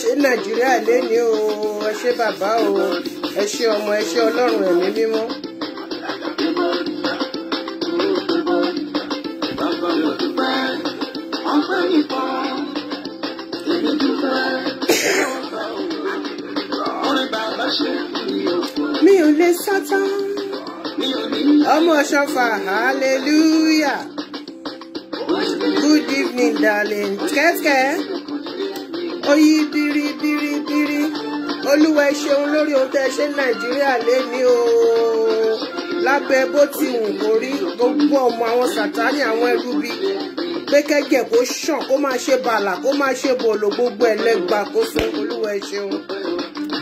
ṣe nàìjíríà lẹ́ni o ẹ ṣé bàbá o ẹ ṣé ọmọ ẹ ṣé ọlọ́run ẹ̀mí mímọ́. mi ò lè sátán ọmọ ṣọfà hallelujah good evening darling kẹ́kẹ́ oyin olúwa ẹ ṣeun lórí ohun tẹ́ ẹ ṣe ní nàìjíríà lẹ́ni o lábẹ́ bó ti wù kó rí gbogbo ọmọ àwọn sàtánì àwọn ẹrú bíi pé kẹ́gẹ̀ kó ṣàn kó máa ṣe bàlà kó máa ṣe bòlò gbogbo ẹlẹ́gbàá kó sọ olúwa ẹ ṣeun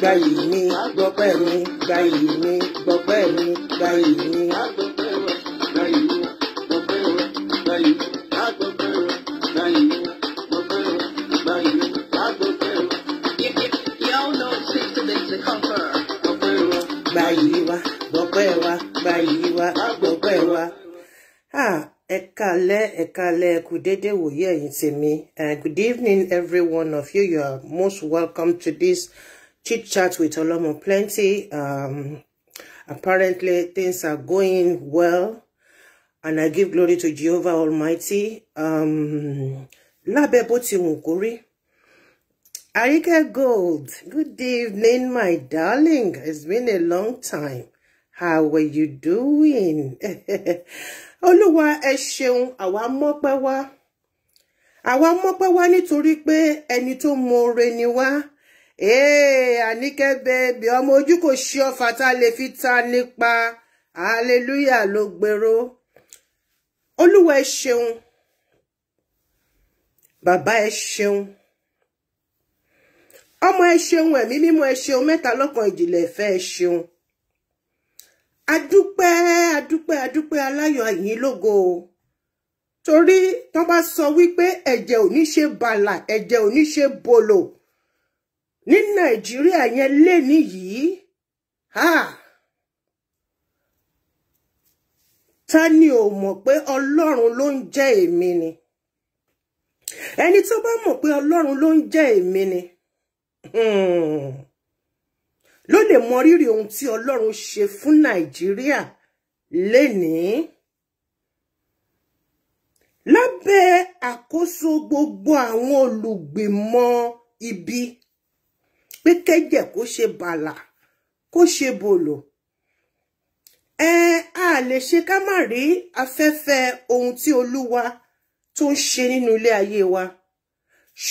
gbàyè mi gbọ́pẹ́ mi gbàyè mi gbọ́pẹ́ mi gbàyè mi. alẹ́ ẹ̀kalẹ̀ ẹ̀kú dédé wòye ẹ̀yin tèmi uh, good evening every one of you you are most welcome to this chit chat with Olomo Plenty um, apparently things are going well and I give glory to Jehovah Almighty um, lábẹ́ bó ti wù kó rí Arike Gold good evening my darling it's been a long time How are you doing? Olúwa ẹ ṣeun àwa mọ́pẹ́ wá. Àwa mọ́pẹ́ wá nítorí pé ẹni tó mọ̀ọ́re ni wá. Ee Àníkẹ́ bẹ́ẹ̀bì ọmọ ojú kò ṣe ọfà tá a lè fi ta nípa. Hallelujah ló gbèrò. Olúwa ẹ ṣeun. Bàbá ẹ ṣeun. Ọmọ ẹ ṣeun ẹ̀mí mímọ́ ẹ ṣeun mẹ́ta lọ́kan ìjìnlẹ̀ ìfẹ́ ẹ ṣeun adúpẹ́ adúpẹ́ adúpẹ́ aláyọ̀ àyìn lógo o torí tán bá sọ wípé ẹ̀jẹ̀ ò ní ṣe bàlà ẹ̀jẹ̀ ò ní ṣe bòlò ní nàìjíríà yẹn lé níyìí ta ni ò mọ̀ pé ọlọ́run ló ń jẹ́ èmi ni ẹni tó bá mọ̀ pé ọlọ́run ló ń jẹ́ èmi ni. Hmm ló lè mọ rírì ohun tí Ọlọ́run ṣe fún Nàìjíríà lénìí lábẹ́ àkóso gbogbo àwọn olùgbìmọ̀ ibi pé kẹ́jẹ̀ kó ṣe bàlà kó ṣe bòlò ẹ a lè ṣe ká má rí afẹ́fẹ́ ohun tí Olúwa tó ń ṣe nínú ilé ayé wa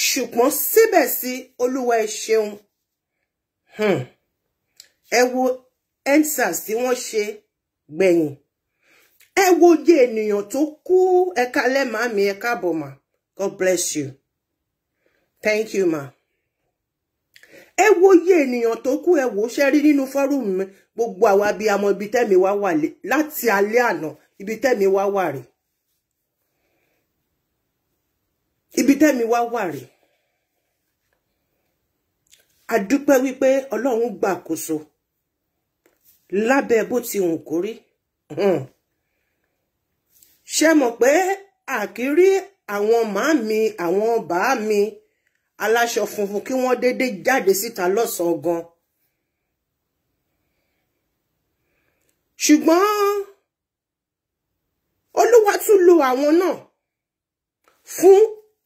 ṣùgbọ́n síbẹ̀ sí Olúwa ẹ ṣeun. Hmm. Ewo ensas endsars tí wọ́n ṣe gbẹ̀yìn ẹ wo oye ènìyàn tó kú ẹ kálẹ́ màmí ẹ káàbọ̀ mà god bless you thank you ma Ewo wo oye ènìyàn tó kú ẹ wò ó ṣe rí nínú fọ́rùmù mi gbogbo àwa bíi àmọ́ ibi tẹ́mi wá wà láti alẹ́ àná ibi tẹ́mi wá wà rèé ibi tẹ́mi wá wà rèé a dúpẹ́ wípé ọlọ́run gbàkóso lábẹ́ bó ti hùn kó rí hmm. ṣe mọ̀ pé àkírí àwọn màámi àwọn bàá mi aláṣọ funfun kí wọ́n déédéé jáde síta lọ́sàn-án gan ṣùgbọ́n olúwa tún lo àwọn náà fún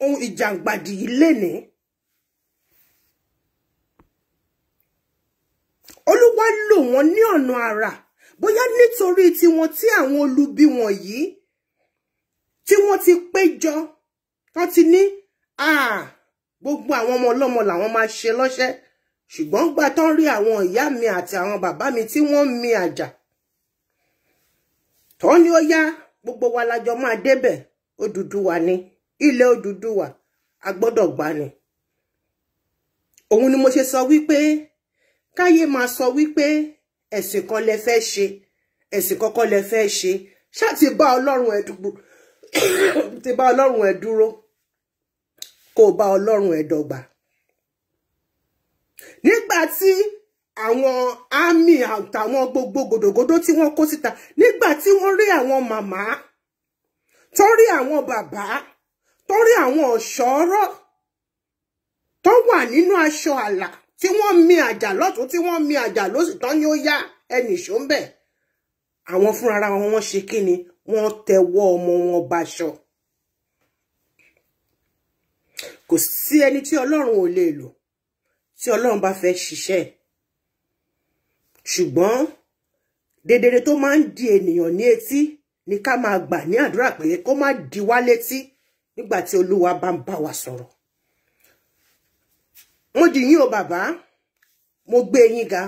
ohun ìjàǹgbàdì yìí lénìí olúwa lò wọ́n ní ọ̀nà àrà bóyá nítorí tiwọn tí àwọn olubi wọ̀nyí tí wọ́n ti péjọ wọ́n ti ní gbogbo àwọn ọmọ ọlọ́mọ làwọn máa ṣe lọ́ṣẹ́ ṣùgbọ́n gbà tán rí àwọn ìyá mi àti àwọn bàbá mi tí wọ́n mi àjà tó ní ó yá gbogbo wa lájọ máa débẹ̀ Odùduwà ni ilẹ̀ Odùduwà a gbọ́dọ̀ gbà ni òun ni mo ṣe sọ wípé káyé máa sọ wípé ẹ̀sìn kan lẹ fẹ́ ṣe ẹ̀sìn kankan lẹ fẹ́ ṣe ṣáà ti bá ọlọ́run ẹ dúró ti bá ọlọ́run ẹ dúró kó bá ọlọ́run ẹ dọ́gba nígbà tí àwọn àmì àtàwọn gbogbo gòdògòdó tí wọ́n kó síta nígbà tí wọ́n rí àwọn màmá tó rí àwọn bàbá tó rí àwọn ọ̀ṣọ́rọ̀ tó wà nínú aṣọ àlà tí wọ́n mi àjà lọ́tún tí wọ́n mi àjà lósì tán ni ó yá ẹnì ṣó ń bẹ̀ àwọn fúnra wọn wọ́n ṣe kí ni wọ́n tẹwọ́ ọmọ wọn baṣọ kò sí ẹni tí ọlọ́run ò lè lò tí ọlọ́run bá fẹ́ ṣiṣẹ́ ṣùgbọ́n dedere tó máa ń di ènìyàn ní etí ni ká máa gbà ní àdúrà pé kó má di wá létí nígbà tí olúwa bá ń bá wa sọ̀rọ̀ mo dì yín o bàbá mo gbé yín ga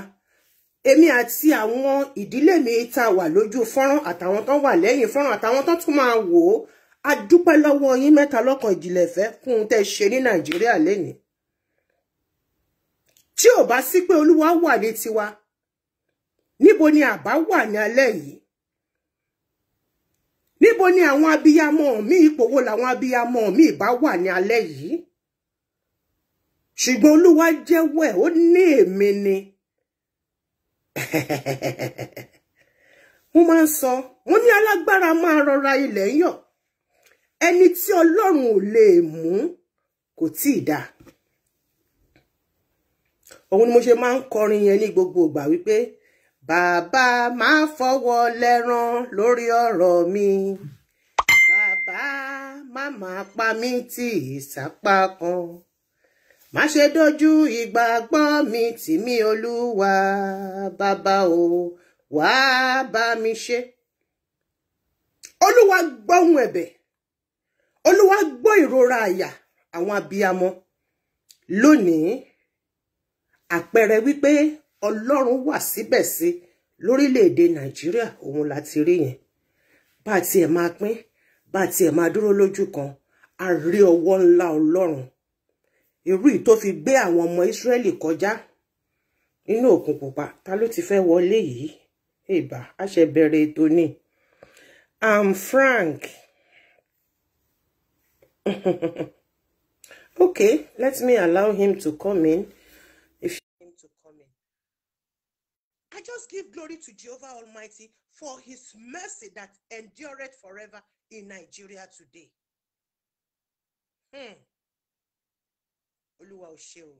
èmi àti àwọn ìdílé mi tá wà lójú fọ́nrán àtàwọn tán wà lẹ́yìn fọ́nrán àtàwọn tán tún máa wò ó a dúpẹ́ lọ́wọ́ yín mẹ́ta lọ́kàn ìjìnlẹ̀ fẹ́ kún un tẹ́ ṣe ní nàìjíríà lénìí tí ò bá sí pé olúwa wà ní tiwa níbo ni àbá wà ní alẹ́ yìí ni àwọn abiyamọ mi ipò wo làwọn abiyamọ mi ìbá wà ní alẹ́ ṣùgbọ́n olúwa jẹ́wọ́ ẹ̀ ó ní èmi ni wọ́n máa ń sọ wọ́n ní alágbára máa rọra ilẹ̀ ń yọ̀ ẹni tí ọlọ́run ò lè mú kò tí ì dáa òun ni mo ṣe máa ń kọrin yẹn ní gbogbo ìgbà wípé bàbá máa fọwọ́ lẹ́ran lórí ọ̀rọ̀ mi bàbá má máa pa mí tì í kan má ṣe dojú ìgbàgbọ́ mi tì mí olúwa bàbá o wá bá mi ṣe. olúwa gbọ́ ohùn ẹ̀bẹ̀ olúwa gbọ́ ìrora àyà àwọn abiyamọ lónìí àpẹẹrẹ wípé ọlọ́run wà síbẹ̀ lórílẹ̀‐èdè nàìjíríà òun la ti rí yẹn bá a tiẹ̀ máa pín bá a tiẹ̀ máa dúró lójú kan a rí ọwọ́ ńlá ọlọ́run irú yìí tó fi gbé àwọn ọmọ Ísírẹ́lì kọjá nínú òkun pupa ta ló ti fẹ́ wọlé yìí ìbá a ṣe bẹ̀rẹ̀ ètò ni am Frank okay let me allow him to come in if him to come in I just give glory to Jehovah Almighty for his mercy that endureth forever in Nigeria today. Hmm olúwa ò ṣe o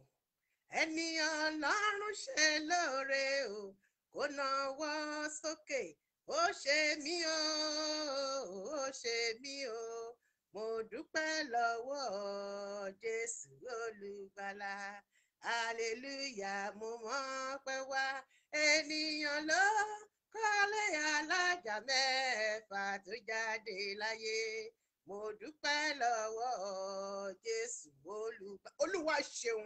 ẹni ọlọ́run ṣe lóore o kò náwọ́ sókè ó ṣe mí o ó ṣe mí o mo dúpẹ́ lọ́wọ́ jésù olùgbàlà hallelujah mo mọ̀ pé wá ènìyàn ló kọ́lé alájà mẹ́fà tó jáde láyé mo dúpẹ́ lọ́wọ́ jésù olúwa ṣeun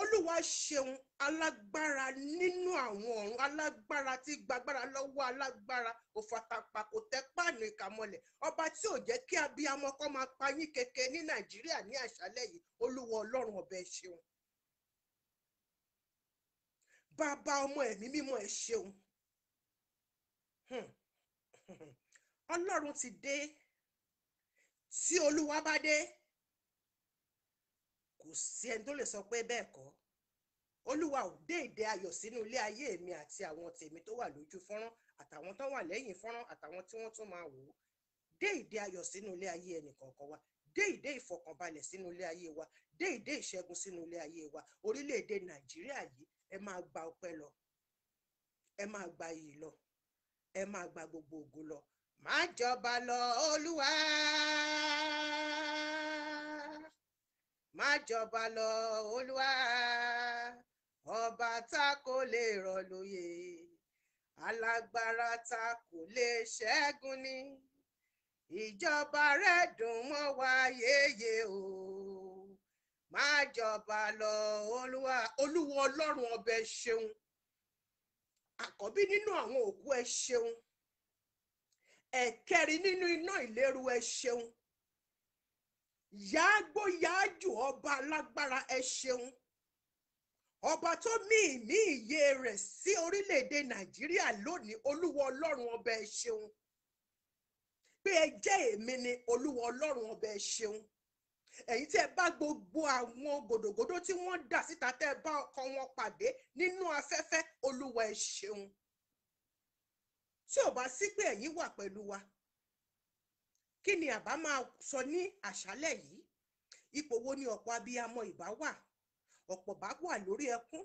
olúwa ṣeun alágbára nínú àwọn ọ̀run alágbára tí gbàgbára lọ́wọ́ alágbára òfàtàpà kò tẹ́ páànù ìkàmọ́lẹ̀ ọba tí ò jẹ́ kí abiyamọ kọ́ máa pa yín keke ní nàìjíríà ní àṣálẹ́ yìí olúwa ọlọ́run ọbẹ̀ ṣeun bàbá ọmọ ẹ̀mí mímọ́ ẹ̀ ṣeun. Hmm. ọlọ́run ti dé tí olúwa bá dé kò sí ẹni tó lè sọ pé bẹ́ẹ̀ kọ́ olúwa ò dé ìdè ayọ̀ sínú ilé ayé mi àti àwọn tèmi tó wà lójú fọ́nrán àtàwọn tó wà lẹ́yìn fọ́nrán àtàwọn tí wọ́n tún máa wò ó dé ìdè ayọ̀ sínú ilé ayé ẹnì kọ̀ọ̀kan wa dé ìdè ìfọ̀kànbalẹ̀ sínú ilé ayé wa dé ìdè ìṣẹ́gun sínú ilé ayé wa orílẹ̀-èdè nàìjíríà yìí ẹ máa gba ọpẹ́ lọ ẹ máa gba iyì lọ ẹ máa gba gbogbo ògo lọ má jọba lọ olúwa má jọba lọ olúwa ọba tá kò lè rọ̀ lóyè alágbára tá kò lè ṣẹ́gun ni ìjọba rẹ̀ dùn mọ́ wa yéye o má jọba lọ olúwa olúwa ọlọ́run ọbẹ̀ ṣeun àkọ́bí nínú àwọn òkú ẹ ṣeun ẹ̀kẹrin nínú iná ìléru ẹ ṣeun yàágbó yàájù ọba alágbára ẹ ṣeun ọba tó mí ìní ìyè rẹ̀ sí orílẹ̀-èdè nàìjíríà lónìí olúwa ọlọ́run ọba ẹ ṣeun pé ẹ jẹ́ èmi ni olúwa ọlọ́run ọba ẹ ṣeun ẹ̀yin tí ẹ bá gbogbo àwọn gòdògòdò tí wọ́n dà síta tẹ́ ẹ bá ọkọ wọn pàdé nínú afẹ́fẹ́ olúwa ẹ ṣeun tí ò bá sí pé ẹ̀yin wà pẹ̀lú wa kí ni àbá máa sọ ní àṣálẹ̀ yìí ipò wo ni ọ̀pọ̀ abiyamọ ìbá wà ọ̀pọ̀ bá wà lórí ẹkún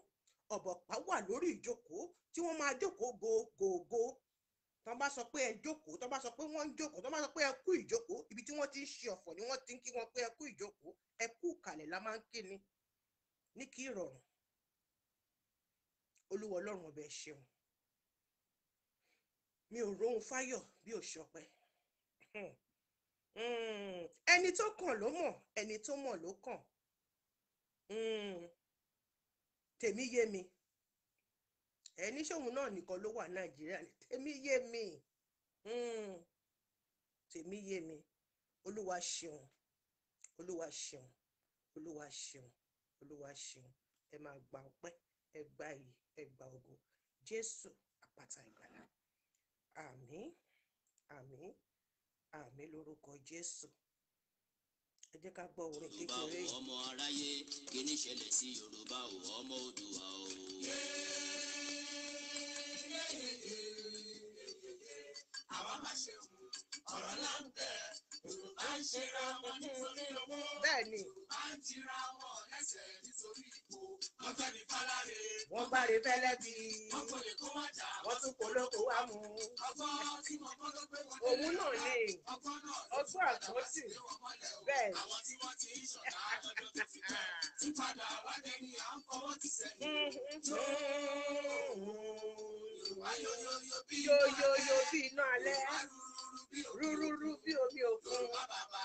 ọ̀bọ̀pá wà lórí ìjókòó tí wọ́n máa jókòó gògògò tọ́ bá sọ pé ẹ jókòó tọ́ bá sọ pé wọ́n ń jókòó tọ́ bá sọ pé ẹ kú ìjókòó ibi tí wọ́n ti ń ṣe ọ̀fọ̀ ni wọ́n ti ń kí wọn pé ẹ kú ìjókòó ẹ kú ìkàlẹ̀ la máa ń kí ni ní kí ìrọ̀rùn olúwa ọlọ́run ọbẹ̀ ṣeun mi ò rohun fáyọ̀ bí ò ṣọpẹ́ hmm. hmm. ẹni tó kàn ló mọ̀ ẹni tó mọ̀ ló kàn hmm. tèmi yé mi ẹni ṣòun náà nìkan ló wà nàìjíríà tèmi yé mi tèmi yé mi olúwa ṣeun olúwa ṣeun olúwa ṣeun olúwa ṣeun ẹ máa gba ọpẹ́ ẹ gba iyì ẹ gba ògo jésù àpáta ìgbàlà àmín àmín àmín lórúkọ jésù ẹ jẹ́ ká gbọ́ orin kékeré. yorùbá ọmọ aráyé kí ni ṣẹlẹ̀ sí yorùbá ọmọ òdùwà o. àwa máa ṣe ọ̀rọ̀ láǹtẹ̀ bẹ́ẹ̀ ni. wọ́n gbáre fẹ́lẹ́ bí wọ́n tún kó lóko wá mú. òun náà ni ọgbọ́n àkọ́tì bẹ́ẹ̀. Yóò yóò yóò bí iná alẹ́ rúrúrú bí omi òkun bàbá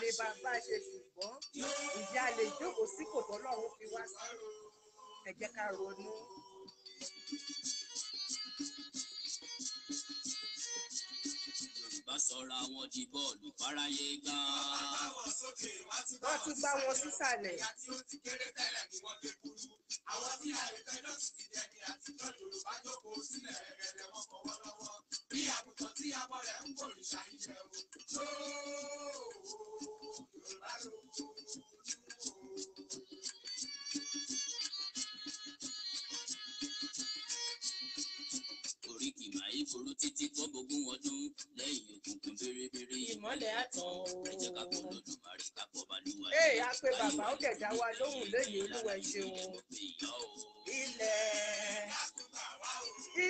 ni bàbá ṣe ṣùgbọ́n ìyá lè jókòó sí kòtò ọlọ́run fi wá sí ẹ ká ronú. bá sọra wọn di bọ́ọ̀lù fáráyé gan. wọ́n ti gbá wọn sísàlẹ̀. ìyá tí ó ti kéré tẹ́lẹ̀ ti jẹ́ ní àtijọ́ Yorùbá jókòó sílẹ̀ rẹ̀rẹ̀ wọn fọwọ́ lọ́wọ́. bí àgùntàn tí abọ rẹ̀ ń wòrì ṣàyíṣẹ́ o. tó Yorùbá ló kú ìmáyé forú títí tó gbógun ọdún lẹ́yìn òkùnkùn bèrèbèrè. ìmọ̀lẹ̀ àtàn o. ẹ jẹ́ ká bọ́ lọ́dún mari ká bọ́ balùwà. ẹ á pe bàbá ó kẹjà wa lóhùn lóye olúwa ẹ ṣeun. ilẹ̀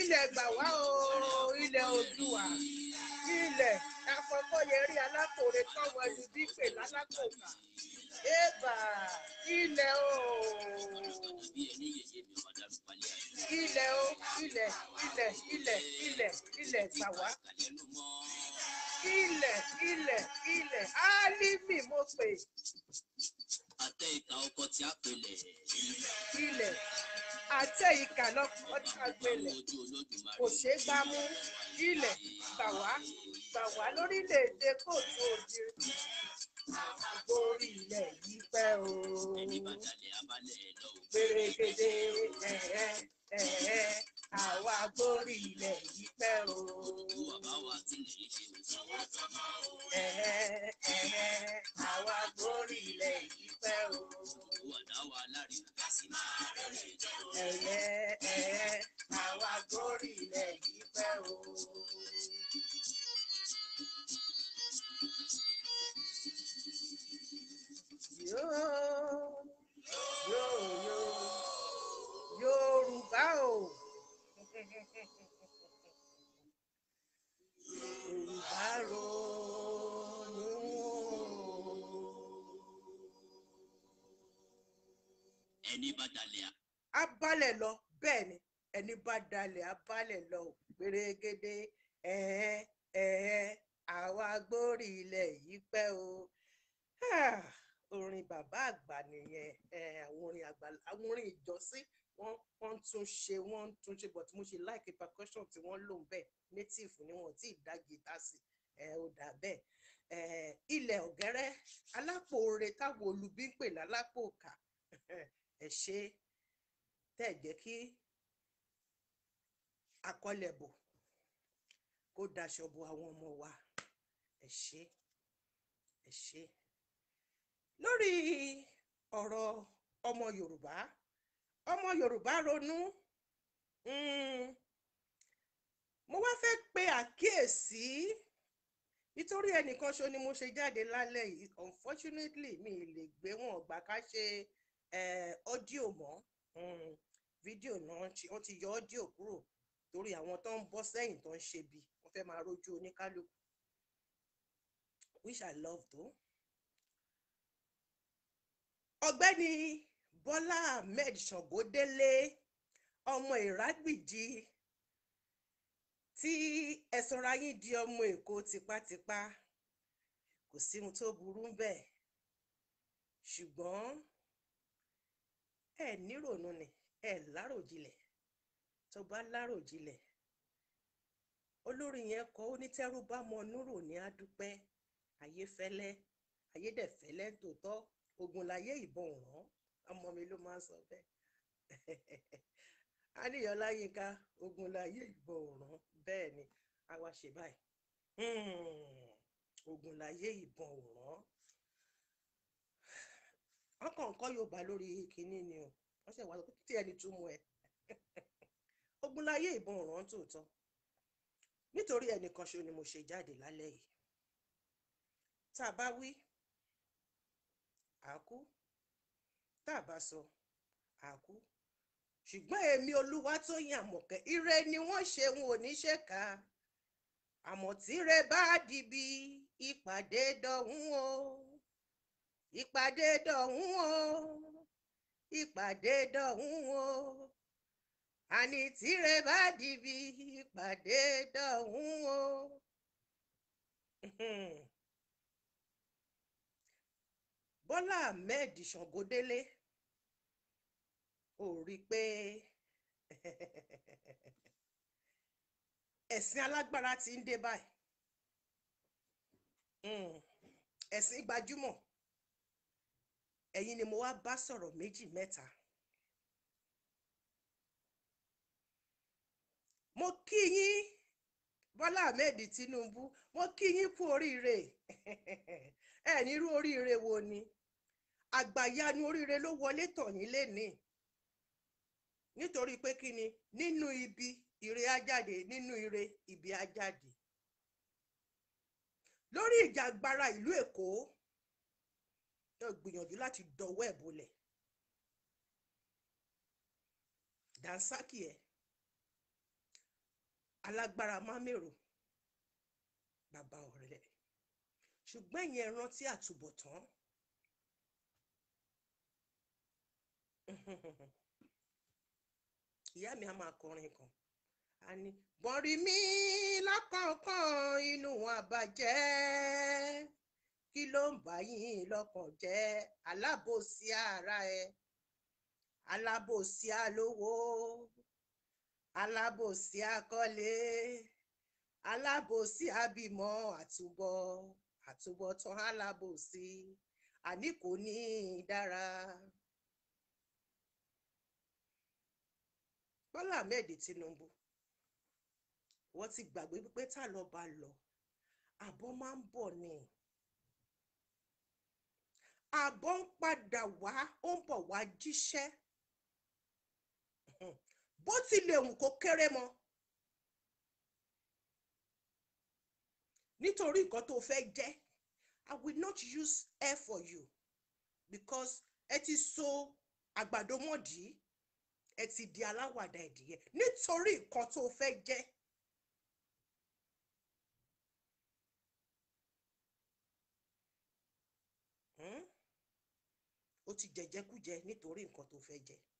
ilẹ̀ gbà wá o ilẹ̀ olúwa ilẹ̀ àkọ́kọ́ alákòrè tọ́wọ́ ẹni dípè lálákòókà ébà ilẹ̀ o ilẹ̀ o ilẹ̀ ilẹ̀ ilẹ̀ ilẹ̀ ilẹ̀ tàwa ilẹ̀ ilẹ̀ ilẹ̀ álímì mo pè. àtẹ ìka ọkọ tí a pèlè. ilẹ̀ àtẹ ìka lọkọ tí a pèlè kò ṣeé gbá mú ilẹ̀ gbà wá gbà wá lórílẹ̀‐èdè kóòtù òjì borí ilẹ̀ yìí pẹ́ o. gbèrègèdè ẹ̀ẹ́ ẹ̀ẹ́ àwa gbórí ilẹ̀ yìí pẹ́ o. ẹ̀ẹ́ ẹ̀ẹ́ àwa gbórí ilẹ̀ yìí pẹ́ o. ẹ̀ẹ́. dalẹ̀ abálẹ̀ lọ gbèrègede ẹ̀ẹ́ ẹ̀ẹ́ àwa gbórí ilẹ̀ yìí pẹ́ o ah, orin bàbá àgbà nìyẹn àwọn orin àgbà àwọn orin ìjọsìn wọ́n wọ́n tún ṣe wọ́n tún ṣe but mo ṣe like percussion tí wọ́n lò bẹ́ẹ̀ native ni wọ́n ti dá guitar sí ó dà bẹ́ẹ̀ ilẹ̀ ọ̀gẹ́rẹ́ alápòore táwọn olùbí ń pè lálápòkà ẹ ṣe tẹ́ ẹ̀ kí akọ́lẹ̀bọ̀ kó daṣọ bo àwọn ọmọ wa ẹ ṣé ẹ ṣé lórí ọ̀rọ̀ ọmọ Yorùbá ọmọ Yorùbá ronú hmm, mo wá fẹ́ pe àkíyèsí nítorí ẹnìkan ṣo ni mo ṣe jáde lálẹ́ yìí unfortunately mi lè gbé wọn ọgbà ká ṣe ọ́díò eh, mọ́ fídíò hmm, náà wọ́n ti yọ ọ́díò kúrò torí àwọn tó ń bọ́ sẹ́yìn tó ń ṣe bí wọ́n fẹ́ máa rojú oníkálukú which I love though. ọ̀gbẹ́ni Bọ́lá Ahmed Ṣàngódélé ọmọ Ìrágbìjí tí ẹ sọra yín di ọmọ Èkó tipátipá kò sí ohun tó burú bẹ́ẹ̀ ṣùgbọ́n ẹ nírònú ni ẹ láròjinlẹ̀ tó bá láròjinlẹ̀ olórí yẹn kọ ó ní tẹ́rù bá mọ núrò ní adúpẹ́ ayéfẹ́lẹ́ ayédèfẹ́lẹ́ tòótọ́ ogun láyé ìbọn ràn ọmọ mi ló máa ń sọ bẹ́ẹ̀ adéyọlá yínká ogun láyé ìbọn ràn bẹ́ẹ̀ ni a wá ṣe báyìí hmm, ogun láyé ìbọn ràn ọkàn kọ Yorùbá lórí kínní ni o wọ́n sì wá sọ pé kí tí ẹni túmọ̀ ẹ̀ ogun láyé ìbọn ọ̀ràn tòótọ́ nítorí ẹnìkan ṣo ni mo ṣe jáde lálẹ́ yìí tá a bá wí àákú tá a bá sọ àákú ṣùgbọ́n èmi Olúwatóyìn Àmọ̀kẹ́ ire ni wọ́n ṣe ń oníṣẹ́ka àmọ́ tíre bá dìbì ìpàdé dọ̀hún o ìpàdé dọ̀hún o ìpàdé dọ̀hún o àní tíre bá dìbì ìpàdé dọ̀hún o. Bọ́lá Ahmed Ṣàngódélé ò rí i pé ẹ̀sìn alágbára ti ń dé báyìí hmm, ẹ̀sìn gbajúmọ̀ ẹ̀yin ni mo wá bá sọ̀rọ̀ méjì mẹ́ta. mo kí yín bọ́lá ahmed tinubu mo kí yín kú oríire ẹ nírú oríire wo ni àgbàyanu oríire ló wọlé tọ̀ yín lénìí nítorí pé kí ni nínú ibi ire ajáde nínú ire ibi ajáde lórí ìjàgbara ìlú èkó náà gbìyànjú láti dọwọ́ ẹ̀ bolẹ̀ dànsákì ẹ̀ alágbára mámẹ́rò bàbá ọ̀rẹ́ ṣùgbọ́n ìyẹn rántí àtúbọ̀tán ìyá mi a máa kọrin kan a ní bọ̀rí mi lọ́kọ̀ọ̀kan inú àbàjẹ́ kí ló ń bá yín lọ́kàn jẹ́ alábòsí ara ẹ̀ alábòsí alówó alábòsí akọ́lé alábòsí abímọ àtúbọ̀ àtúbọ̀tán alábòsí àní kò ní í dára. Bọ́lá Ahmed Tinubu wọ́n ti gbàgbé pé tá lọ bá lọ àbọ̀ máa ń bọ̀ ni àbọ̀ ń padà wá ó ń bọ̀ wá jíṣẹ́ bó tilẹ̀ wù kó kéré mọ́ nítorí nǹkan tó fẹ́ jẹ́ I will not use air for you because ẹ ti so àgbàdo mọ́dì ẹ ti di aláwàdà ẹ̀dìyẹ nítorí nǹkan tó fẹ́ jẹ́. Hmm, ó ti jẹjẹkújẹ nítorí nǹkan tó fẹ́ jẹ. Hmm?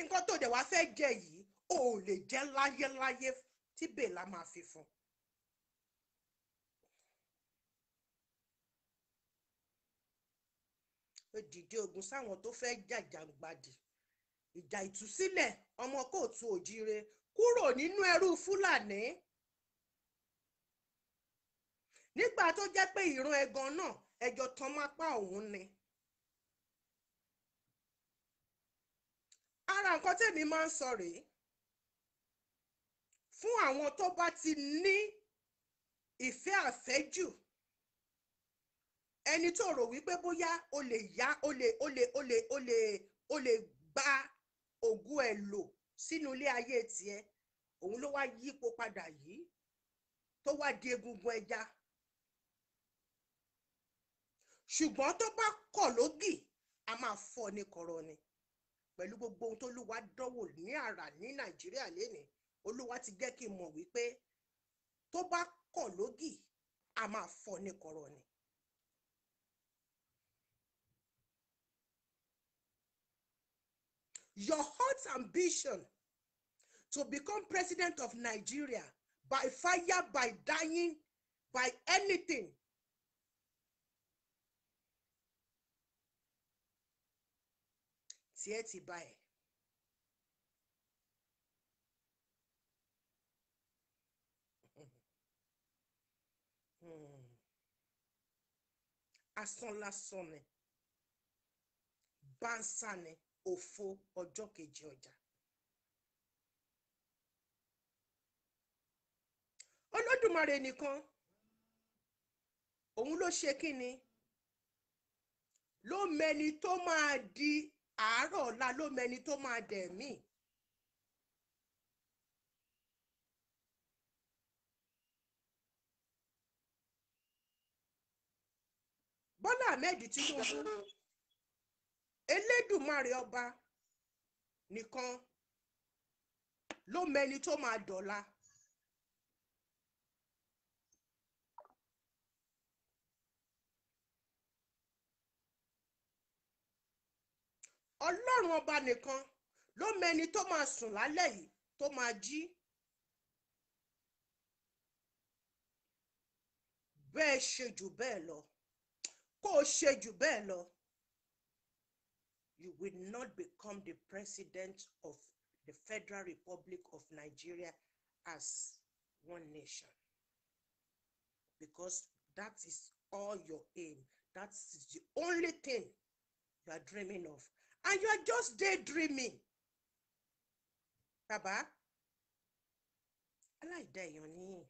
nǹkan tó dẹ̀ wá fẹ́ jẹ yìí ò lè jẹ́ láyéláyé tí bèèlà máa fi fún un. ogun sáwọn tó fẹ́ jàjàǹgbadì ìjà ìtúsílẹ̀ ọmọ kóòtù òjíire kúrò nínú ẹrú fúlàní nígbà tó jẹ́ pé ìran ẹ̀gàn náà ẹjọ́ tán mápá òun ni. ara nǹkan tèmi máa ń sọ rèé fún àwọn tó bá ti ní ìfẹ́ àfẹ́jù ẹni tó rò wípé bóyá o lè yá o lè o lè o lè o lè o lè gba ògùn ẹ lò sínú ilé ayé tiẹ̀ òun ló wá yípo padà yìí tó wá di egungun ẹja ṣùgbọ́n tó bá kọ̀ lógì a máa fọ́ ní kọ̀rọ̀ ni. Korone pẹ̀lú gbogbo ohun tó lúwa dánwò ní àrà ní nàìjíríà lénìí olúwa ti jẹ́ kí n mọ̀ wípé tó bá kọ̀ lógì a máa fọ́ ní kọ̀rọ̀ ni. Your heart's ambition to become president of Nigeria by fire, by dying, by anything tí ẹ ti bá ẹ̀. Hmm. asán lásán ni bánsá ni òfo ọjọ́ kejì ọjà. olódùmarè nìkan òun ló ṣe kí ni ló mẹni tó máa di àárọ̀ ọ̀la ló mẹni tó máa dẹ̀ mí. Bọ́lá Ahmed Tinubu Elédùmarè ọba nìkan ló mẹni tó máa dọ̀la. ọlọ́run ọba nìkan ló mẹni tó máa sùn lálẹ́ yìí tó máa jí bẹ́ẹ̀ ṣe jù bẹ́ẹ̀ lọ kó o ṣe jù bẹ́ẹ̀ lọ you will not become the president of the Federal Republic of Nigeria as one nation because that is all your aim that is the only thing you are dreaming of and you are just daydreaming bàbá aláìdá èèyàn nìyí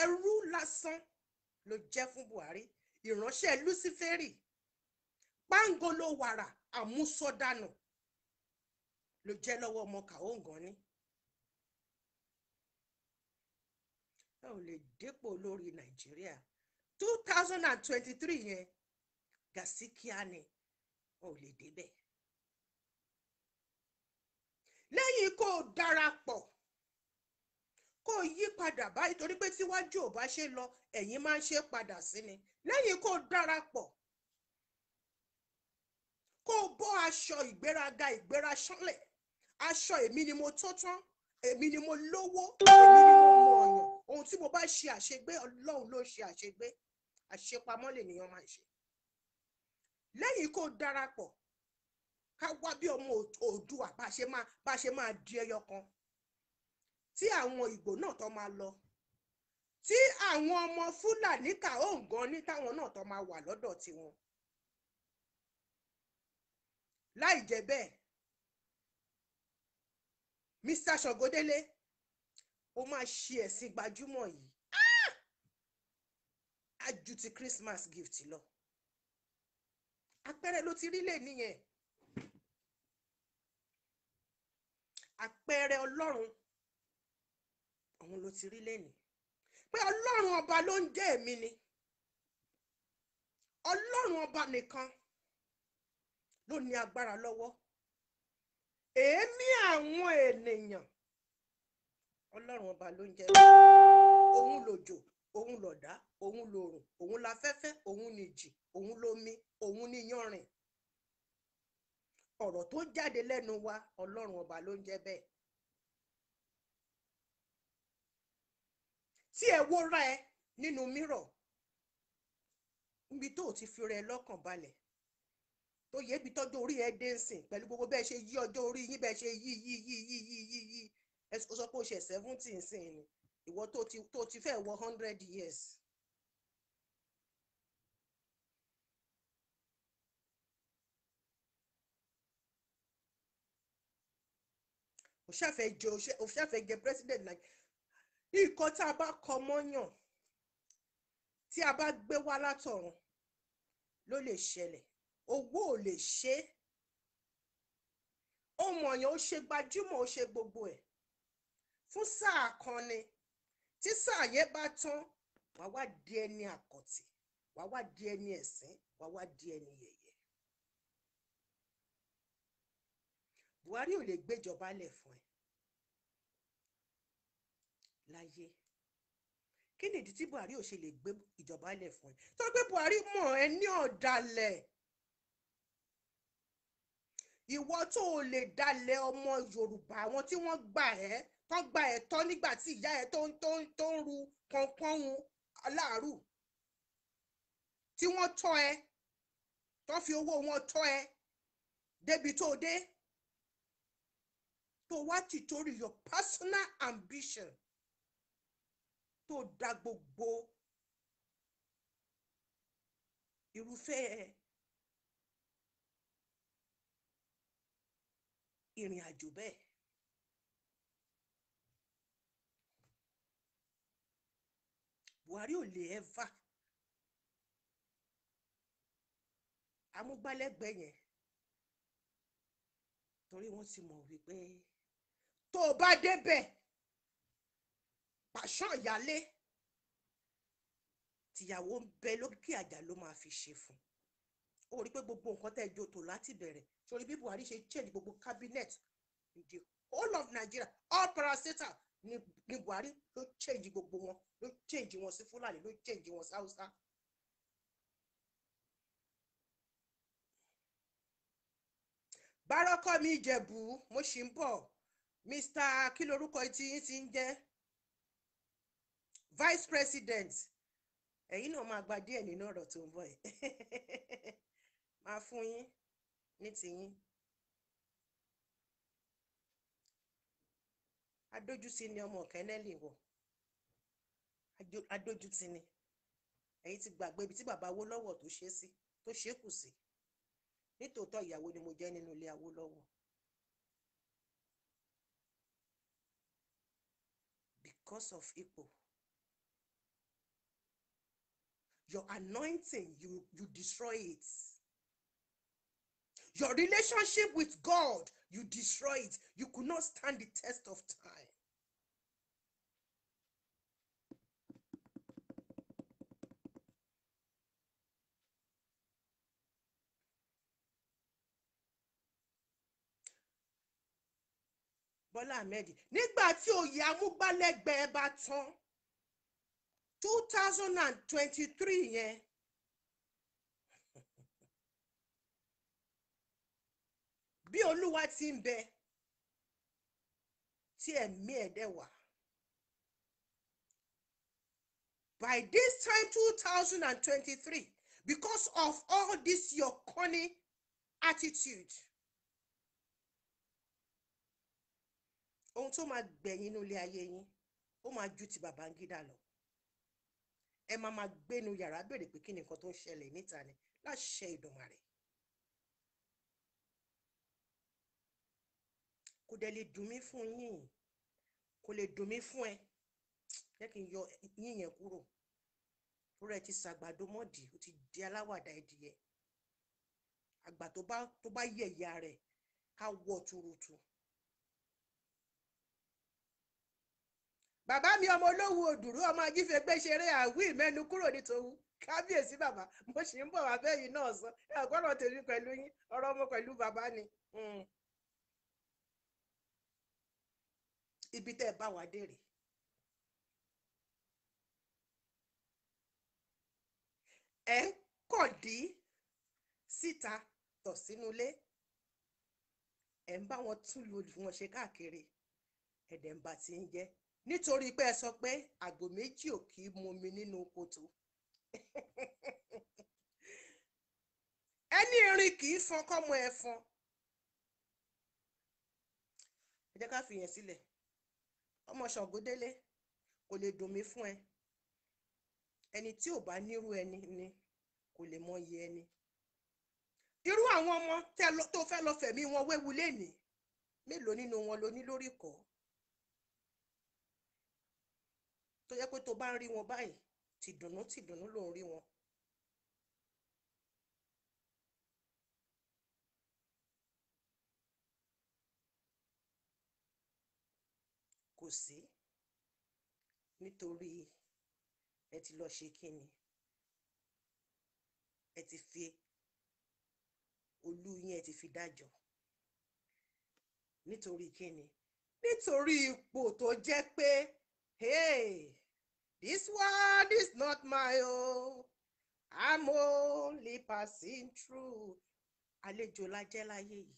ẹrú lásán ló jẹ́ fún Buhari ìránṣẹ́ Luciferi pangolo wàrà àmúsọdànù ló jẹ́ lọ́wọ́ ọmọ Kaongan ni ẹ ò lè dépò lórí Nàìjíríà two thousand and twenty-three yẹn gàsíkíá ni wọn ò lè débẹ̀. lẹ́yìn kó o darapọ̀ kó o yí padà báyìí torí pé tíwájú ò bá ṣe lọ ẹ̀yìn máa ń ṣe padà sí ni lẹ́yìn kó o darapọ̀ kó o bọ́ aṣọ ìgbéraga ìgbéra ṣánlẹ̀ aṣọ èmi ni mo tó tán èmi ni mo lówó èmi ni mo mọ ọ̀nà ohun tí mo bá ṣe àṣegbé ọlọ́run ló ṣe àṣegbé àṣepamọ́ lènìyàn máa ṣe lẹ́yìn kó darapọ̀ ká wá bí ọmọ Oòduà bá ṣe máa bá ṣe máa di ẹyọ kan tí àwọn Ìgbò náà tó máa lọ tí àwọn ọmọ Fúlàní Kaongan ní táwọn náà tó máa wà lọ́dọ̀ tiwọn láì jẹ́ bẹ́ẹ̀ Mr. Ṣọ̀gọ́délé ó máa ṣe ẹ̀sìn gbajúmọ̀ yìí á ah! ju ti Christmas gift lọ àpẹẹrẹ ló ti rí lè nìyẹn àpẹẹrẹ ọlọ́run òun ló ti rí lẹ́nìí pé ọlọ́run ọba ló ń jẹ́ èmi ni ọlọ́run ọba nìkan ló ní agbára lọ́wọ́ èémí àwọn ènìyàn ọlọ́run ọba ló ń jẹ́ èmi òun lòjò òun lọ̀dá òun lòrùn òun láfẹ́fẹ́ òun nìjì òun lomi òun ni yanrìn ọ̀rọ̀ tó jáde lẹ́nu wa ọlọ́run ọba ló ń jẹ́ bẹ́ẹ̀ tí ẹ wóra ẹ nínú mírọ̀ níbi tó ti fi rẹ lọ́kàn balẹ̀ tó yẹ ibi tọ́jú orí ẹ dé ń sìn pẹ̀lú gbogbo bẹ́ẹ̀ ṣe yí ọjọ́ orí yín bẹ́ẹ̀ ṣe yí yí yí yí yí yí yí ẹ sọ pé o ṣe seventeen sìn ni ìwọ tó ti fẹ́ wọ hundred years. o ṣàfẹ́ jẹ o ṣàfẹ́ jẹ president like nǹkan tá a bá kọ mọ́yàn tí a bá gbé wá látọ̀run ló lè ṣẹlẹ̀ owó ò lè ṣe é ó mọ̀yàn ó ṣe gbajúmọ̀ ó ṣe gbogbo ẹ̀ fún sáà kan ni tí sáà yẹn bá tán wàá wá di ẹni àkọ́tì wàá wá di ẹni ẹ̀sín wàá wá di ẹni yẹ̀yẹ́. Buhari ò lè gbéjọba lẹ̀ fún ẹ láyé kí ni ìdí tí Buhari ò ṣe lè gbé ìjọba lẹ̀ fún ẹ tó pé Buhari mọ̀ ẹ́ ní ọ̀dàlẹ̀ ìwọ tó o lè dalẹ̀ ọmọ Yorùbá àwọn tí wọ́n gbà ẹ́ tán gba ẹ̀tọ́ nígbà tí ìyá ẹ̀ tó ń tó ń tó ń ru kọ̀ọ̀kan aláàárù tí wọ́n tọ́ ẹ tán fi owó wọn tọ́ ẹ débi tó dé. De tó wá tìtorí your personal ambition tó da gbogbo irúfẹ́ ìrìn àjò bẹ́ẹ̀. Buhari ò lè ẹ́fà amúgbálẹ́gbẹ̀ẹ́ yẹn torí wọ́n ti mọ̀ wípé tó o bá débẹ̀ pàṣán ìyálé tìyàwó ń bẹ lókè àjà ló máa fi ṣe fún un ó rí pé gbogbo nǹkan tẹ́ jọ tò láti bẹ̀rẹ̀ sórí bí Buhari ṣe change gbogbo cabinet the whole of Nigeria all parastatal ni, ni Buhari ló change gbogbo wọn ló change wọn sí Fúlàní ló change wọn sí Haúsá. bárọ́kọ́ mi Ìjẹ̀bú mo ṣì ń bọ̀ mr kí lorúkọ tí yín ti ń jẹ́ vice president ẹ̀yin náà máa gba díẹ̀ nínú ọ̀rọ̀ tó ń bọ̀ yìí máa fún yín ní tiyín adójútì ni ọmọ kẹ́nẹ́lì wọ̀ adójútì ni ẹ̀yin ti gbàgbé ibi tí bàbá Awólọ́wọ̀ tó ṣe sí tó ṣe kù sí nítòótọ́ ìyàwó ni mo jẹ́ nínú ilé Awólọ́wọ̀ because of Igbo. Your anointing, you, you destroy it. Your relationship with God, you destroy it. You could not stand the test of time. Bọ́lá Ahmed nígbà tí oyè amúgbálẹ́gbẹ̀ẹ́ bá tán two thousand and twenty-three yẹn bí olúwa ti ń bẹ tí ẹ̀mí ẹ̀ dẹ̀ wà. By this time two thousand and twenty-three because of all this your cunning attitude. ohun tó máa gbẹ̀yìn inú ilé ayé yín ó máa ju ti Babangida lọ ẹ máa máa gbénu yàrá béèrè pé kí ni nǹkan tó ń ṣẹlẹ̀ níta ni láṣẹ ìdùnmọ̀ rẹ̀ kò dẹ̀ lè dùn mí fún yín kò lè dùn mí fún ẹ jẹ́ kí n yọ yín yẹn kúrò fúnra ẹ ti ṣàgbàdo mọ́dì ó ti di aláwàdà ẹdìyẹ àgbà tó bá yẹ̀yà rẹ̀ ká wọ̀ tuurutu. bàbá mi ọmọ olówó òdùrú ọmọ ajífẹgbẹ ṣeré àwí mẹ́nu kúrò nítòhún kábíyèsí bàbá mo sì ń bọ̀ wá bẹ́ẹ̀ yìí náà sọ ẹ ọgbọ́dọ̀ tèmi pẹ̀lú yín ọ̀rọ̀ ọmọ pẹ̀lú bàbá ni. Hmm. ibi tẹ́ ẹ bá wà dé rèé. ẹ ń kọ̀dí síta tọ̀ sínú ilé ẹ ń bá wọn tún lu wọn ṣe káàkiri ẹ̀dẹ̀ ń ba ti ń jẹ́ nítorí pé ẹ sọ pé àgbò méjì ò kì í momi nínú kòtò ẹni irin kì í fọn kọ́mọ ẹ fọn ẹ jẹ́ ká fìyẹn sílẹ̀ ọmọ ṣàngódélé kò lè dùn mí fún ẹ ẹni tí ò bá nírú ẹni ni kò lè mọyì ẹni irú àwọn ọmọ tó fẹ́ lọ fẹ̀mí wọn wéwu lénìí mélòó nínú wọn ló ní lórí kọ́ tó jẹ́ pé tó bá ń rí wọn báyìí tìdùnnú tìdùnnú ló ń rí wọn. kò sí nítorí ẹ ti lọ ṣe kíni ẹ ti fi olú yín ẹ ti fi dájọ́ nítorí kíni nítorí ipò tó jẹ́ pé hey, This world is not my own. I'm only passing through. Àlejò la jẹ́ láyé yìí.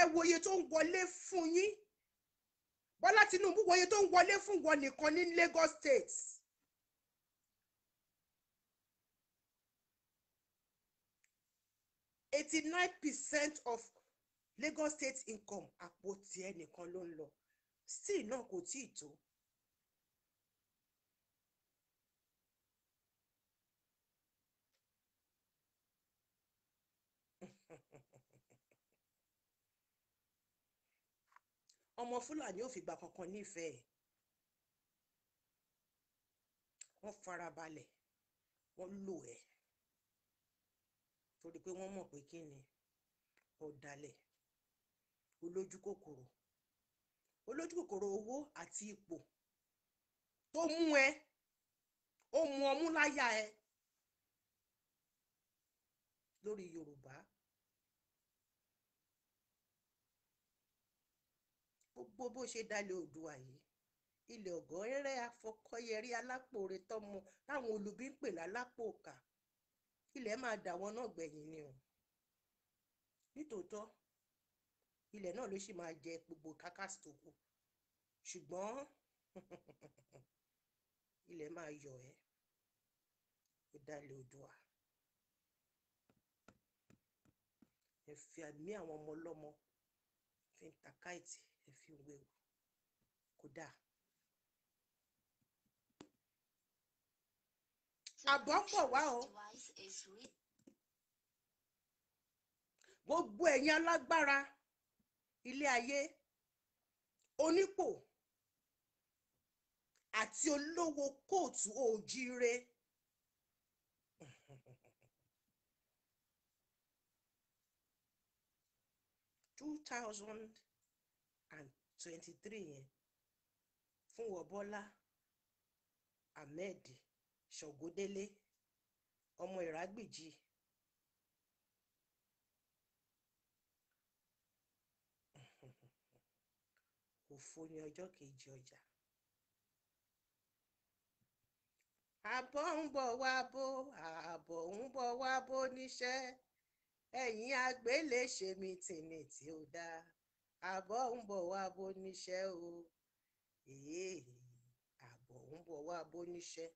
Ẹ wòye tó ń wọlé fún yín. Tinubu wòye tó ń wọlé fún wọn nìkan Lagos State. Eighty-nine percent of Lagos state income àpò tiẹ̀ nìkan ló ń lọ still náà kò tíì tó. ọmọ Fúlàní ò fìgbà kankan nífẹ̀ẹ́ wọ́n farabalẹ̀ wọ́n lò ẹ́ torí pé wọ́n mọ̀ pé kí ni ọ̀dàlẹ̀ olójúkòkòrò olójúkòkòrò owó àti ipò tó mú ẹ ó mú ọmú láyà ẹ lórí Yorùbá gbogbo bó ṣe dalẹ̀ Oòduà yìí ilẹ̀ ọ̀gọ́rẹ́rẹ́ afọkọ́yẹrí alápòore tọ́mọ táwọn olubi ń pè lálápò ọ̀kà ilẹ̀ máa dà wọn náà gbẹ̀yìn ni o nítòótọ́ ilẹ̀ náà ló sì máa jẹ gbogbo kákàsì tó kù ṣùgbọ́n ilẹ̀ máa yọ̀ ẹ́ ó dalẹ̀ Oòduà ẹ fi àmì àwọn ọmọ ọlọ́mọ fi ń takáìtì ẹ fi ń wéwu kódà. àbọ̀ ń wá o gbogbo ẹ̀yin alágbára ilé ayé onípò àti olówó kóòtù òjíire two thousand and twenty-three yẹn fún wọbọlá ahmed ṣògòdélé ọmọ ìrágbìjì òfo ní ọjọ́ kejì ọjà. àbọ̀ ń bọ̀ wá bó àbọ̀ ń bọ̀ wá bó níṣẹ́ ẹ̀yìn àgbéléṣe mi tìǹì tí ó dáa àbọ̀ ń bọ̀ wá bó níṣẹ́ o èyí àbọ̀ ń bọ̀ wá bó níṣẹ́.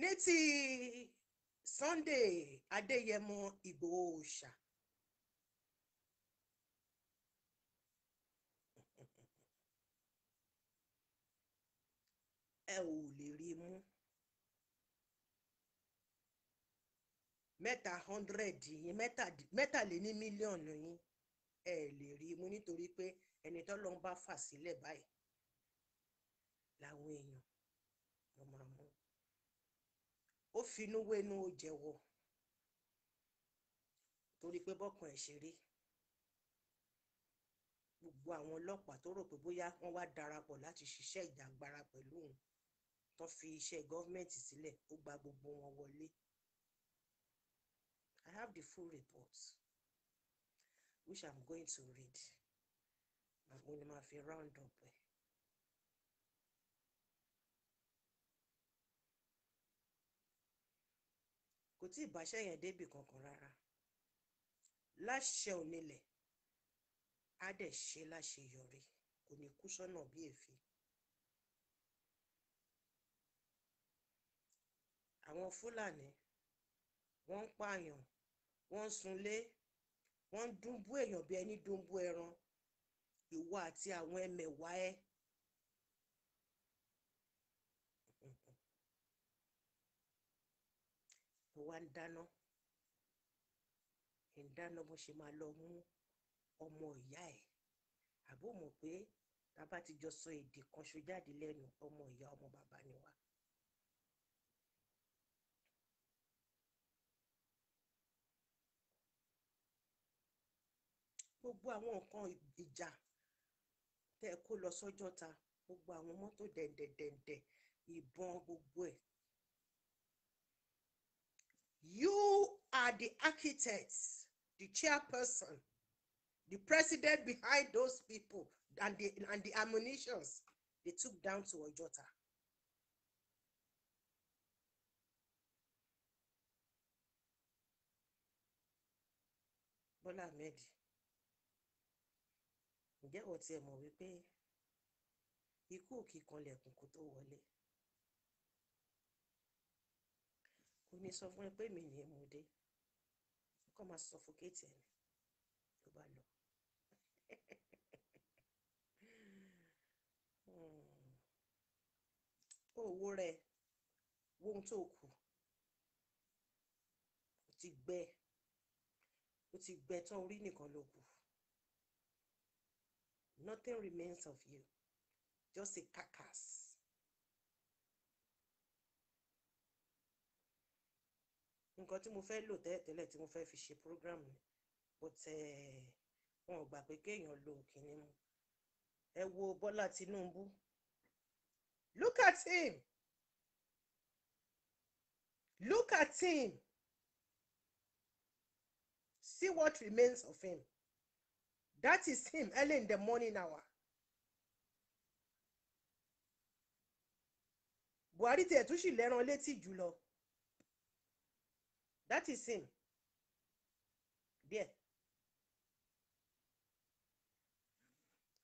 ní ti Sunday Adéyẹmọ Ìgbòho Òòṣà ẹ ò lè rí mú mẹ́ta hundred yín mẹ́tàléní mílíọ̀nù yín ẹ lè rí mú nítorí pé ẹni tọ́lọ́run bá fà sílẹ̀ báyìí làwọn èèyàn ló máa ó finú wénú ó torí pé bọ́kàn ẹ̀ ṣe gbogbo àwọn ọlọ́pàá tó rò pé bóyá wọ́n wá darapọ̀ láti ṣiṣẹ́ ìjàgbara pẹ̀lú òun tó fi iṣẹ́ gọ́ọ̀mẹ̀ntì sílẹ̀ ó gba gbogbo wọn wọlé I have the full report which I'm going to read. Àwọn ni màá fi round up ẹ̀. kò tí ì báṣẹ́ yẹn débì kankan rárá láṣẹ onílẹ̀ á dẹ̀ ṣe láṣeyọrí kò ní kú sọ́nà bí èéfín. àwọn fúlàní wọ́n ń pààyàn wọ́n ń sunlé wọ́n ń dúnbú èèyàn bí ẹni dúnbú ẹran ìwọ àti àwọn ẹmẹ̀wá ẹ̀ mo wá ń dáná ẹ̀ ń dáná bó ṣe máa lọ mú ọmọ ìyá ẹ̀ àbó mọ̀ pé tá a bá ti jọ sọ èdè kan ṣo jáde lẹ́nu ọmọ ìyá ọmọ bàbá ni wá. gbogbo àwọn nǹkan ìjà tẹ́ kó lọ sọ́jọ́ta gbogbo àwọn mọ́tò dẹ̀ndẹ̀dẹ̀ndẹ̀ ìbọn gbogbo ẹ̀ You are the architects, the chairperson, the president behind those people and the and the ammunitions they took down to Ojota. Bola Ahmed. Ǹjẹ́ o tiẹ̀ mọ̀ wípé ikú òkì kanlẹ̀kùn kó tó wọlé? kò ní sọ fún ẹ pé mi yẹn mo dé kọ́ máa suffocate ẹ̀ ni ló bá lọ. owó hmm. rẹ wo tó kù ó ti gbẹ ó ti gbẹ tán orí nìkan ló kù nothing remains of you just a carcass. nǹkan tí mo fẹ́ lò tẹ́lẹ̀tẹ́lẹ̀ tí mo fẹ́ fi ṣe program ni but eh, wọn ò gbà pé kéèyàn lo kìnní mu ẹ wo Bọ́lá Tinubu look at him look at him see what remains of him that is him early in the morning hour. Buhari tiẹ̀ tún sì lẹ́ran létí jùlọ that is him There.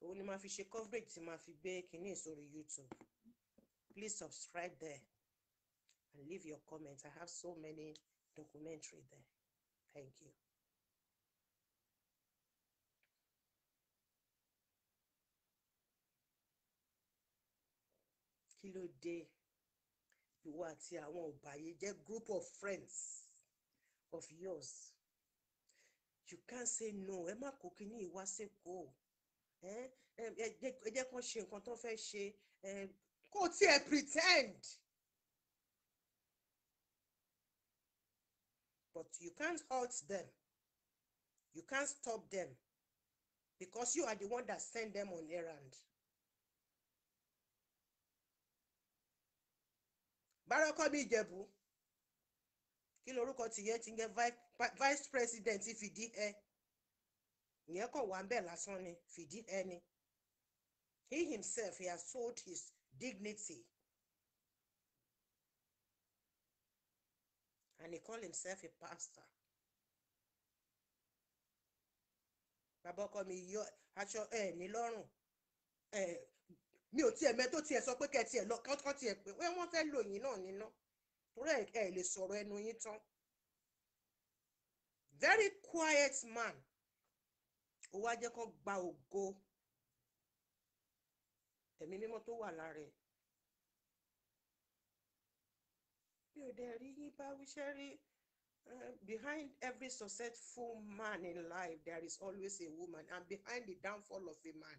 òun ni màá fi ṣe coverage tí màá fi gbé kinní sórí YouTube please subscribe there and leave your comments I have so many documentary there thank you. kí ló dé ìwọ àti àwọn òbáyé jẹ́ group of friends of yours you can say no ẹ má kó kíní ìwá sẹ́kọ̀ọ́ ẹ jẹ́ kán ṣe nǹkan tó fẹ́ ṣe kó tiẹ̀ pretend but you can't halt them you can't stop them because you are the one that send them on errand. bárakọ́ bí ìjẹ̀bú. kí lorúkọ tìyẹ ti ń vice president fìdí ẹ ìyẹn kàn wá ń lásán ni fìdí ẹ ni he himself he has sold his dignity and he call himself a pastor. bàbá ọkọ mi yọ aṣọ ẹ ní lọ́rùn ẹ mi ò tiẹ̀ mẹ́ tó tiẹ̀ sọ pé kẹ́ tiẹ̀ lọ kọ́ tiẹ̀ pé wọ́n fẹ́ lò yín náà níná. No torí ẹ lè sọ̀rọ̀ ẹnu yín very quiet man ó wá jẹ́ kó gba ògo ẹ̀mí mímọ́ tó wà lára ẹ̀ mi yín bá wíṣẹ́ rí eh, behind every successful man in life there is always a woman and behind the downfall of a man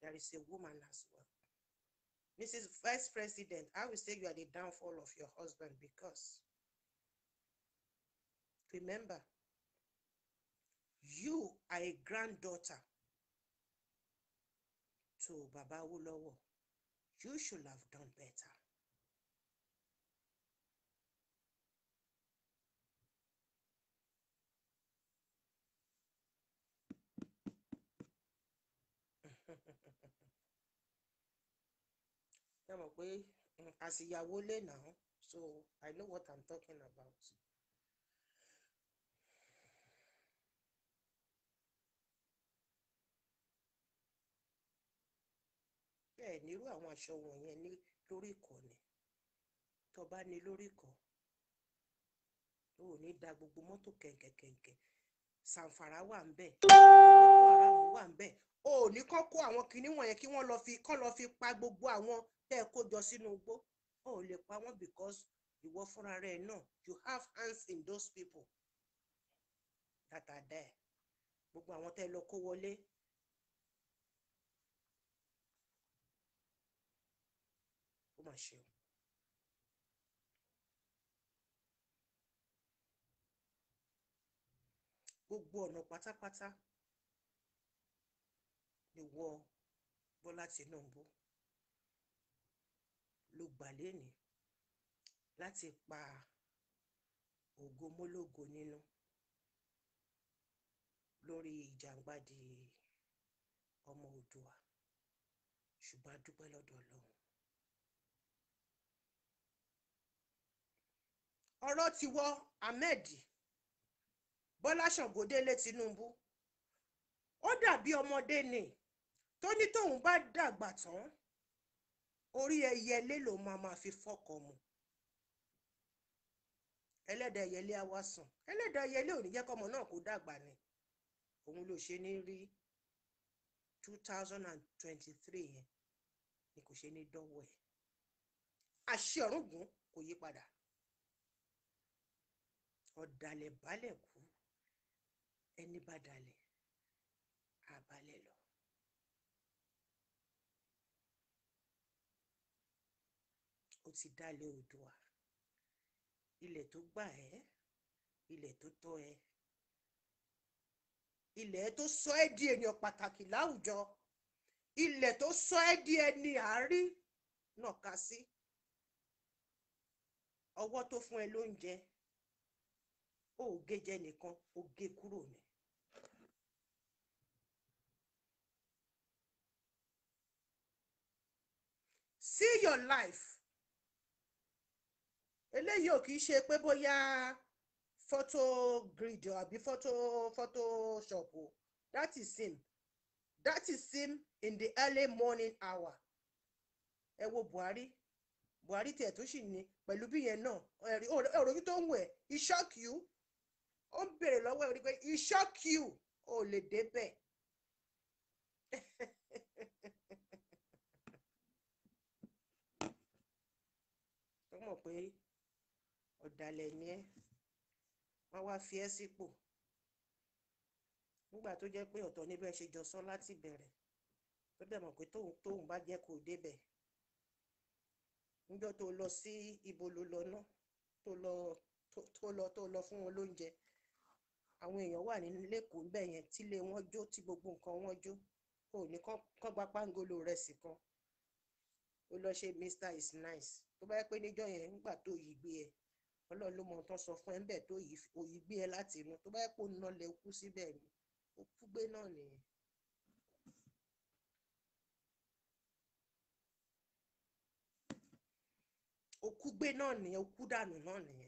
there is a woman as well. Mrs. Vice President, I will say you are the downfall of your husband because remember, you are a granddaughter to Baba Ulowo. You should have done better. ẹ mọ̀ pé àsìyàwó lè nà án so I know what I'm talking about. bẹ́ẹ̀ nírú àwọn aṣọ wọ̀nyẹn ní lórí ìkọ́ni tó bá ní lórí ìkọ́ ó ní da gbogbo mọ́tò kẹ̀kẹ̀kẹ̀kẹ̀ sàǹfàrà wà ń bẹ̀ wà ń bẹ̀ ó ní kọ́ kó àwọn kinní wọ̀nyẹn kí wọ́n lọ fi kọ́ lọ fi pa gbogbo àwọn tẹ́ ẹ kó jọ sínú igbó o ò lè pa wọ́n because ìwọ fúnra rẹ náà you have hands in those people that are there gbogbo àwọn tẹ́ ẹ lọ kó wọlé ó mà ṣe o. gbogbo ọ̀nà pátápátá ni wọ Bọ́lá Tinubu. No ló gbà lénìí láti pa ògo mólógo nínú lórí ìjàngbadì ọmọ Oòduà ṣùgbọ́n a dúpẹ́ lọ́dọ̀ Ọlọ́run. ọ̀rọ̀ ti wọ Ahmed Bọ́lá Ṣàngódélé Tinubu ó dàbí ọmọdé ni tó ní tóun bá dàgbà tán orí ẹyẹlé ló máa máa fi fọkọ mu ẹlẹ́dàá ẹyẹlé á wá sùn ẹlẹ́dàá ẹyẹlé ò ní jẹ́ kọ́mọ náà kó dàgbà ni òun ló ṣe ní rí two thousand and twenty-three yẹn ni kò ṣe ní dọ́wọ́ ẹ̀ àṣẹ ọ̀rùngún kò yí padà ọ̀dàlẹ̀ balẹ̀ kú ẹni bá dalẹ̀ àbálẹ̀ ti dálé Oòduà ilẹ̀ tó gbà ẹ́ ilẹ̀ tó tọ́ ẹ ilẹ̀ tó sọ ẹ́ di ènìyàn pàtàkì láwùjọ ilẹ̀ tó sọ ẹ́ di ẹni àárí náà ká sí ọwọ́ tó fún ẹ lóúnjẹ ó gé jẹ nìkan ó gé kúrò ní. See your life eléyìí ò kì í ṣe pé bóyá photo grid àbí photo photoshop o that is him that is him in the early morning hour ẹ wo Buhari Buhari tiẹ̀ tó sì ní pẹ̀lú bí yẹn náà òròyìn tó ń wẹ̀ e shock you ó ń béèrè lọ́wọ́ ẹ̀rí pé e shock you ò lè débẹ̀ tó mọ̀ pé ọ̀dàlẹ̀ ni ẹ́ wọ́n wá fi ẹ́ sípò nígbà tó jẹ́ pé ọ̀tọ̀ níbẹ̀ ṣe jọ sọ láti bẹ̀rẹ̀ tó dẹ̀ mọ̀ pé tóun tóun bá jẹ́ kó débẹ̀ níjọ́ tó lọ sí ibo ló lọ náà tó lọ tó lọ tó lọ fún wọn lóúnjẹ àwọn èèyàn wà nínú lẹ́kọ̀ọ́ ńbẹ̀ yẹn tílé wọn jó tí gbogbo nǹkan wọn jó kò ní kán gba pángolo rẹ̀ sí kan ó lọ ṣe mr is nice tó bá yẹ pé níjọ́ yẹn nígbà tó yìí gbé ẹ ọlọ́run ló mọ ohun tó sọ fún ẹ ń bẹ̀ tó òyì gbé ẹ láti inú tó bá yẹ kó ná lẹ kú síbẹ̀ ni ó kú gbé náà nìyẹn. ó kú gbé náà nìyẹn ó kú dànù náà nìyẹn.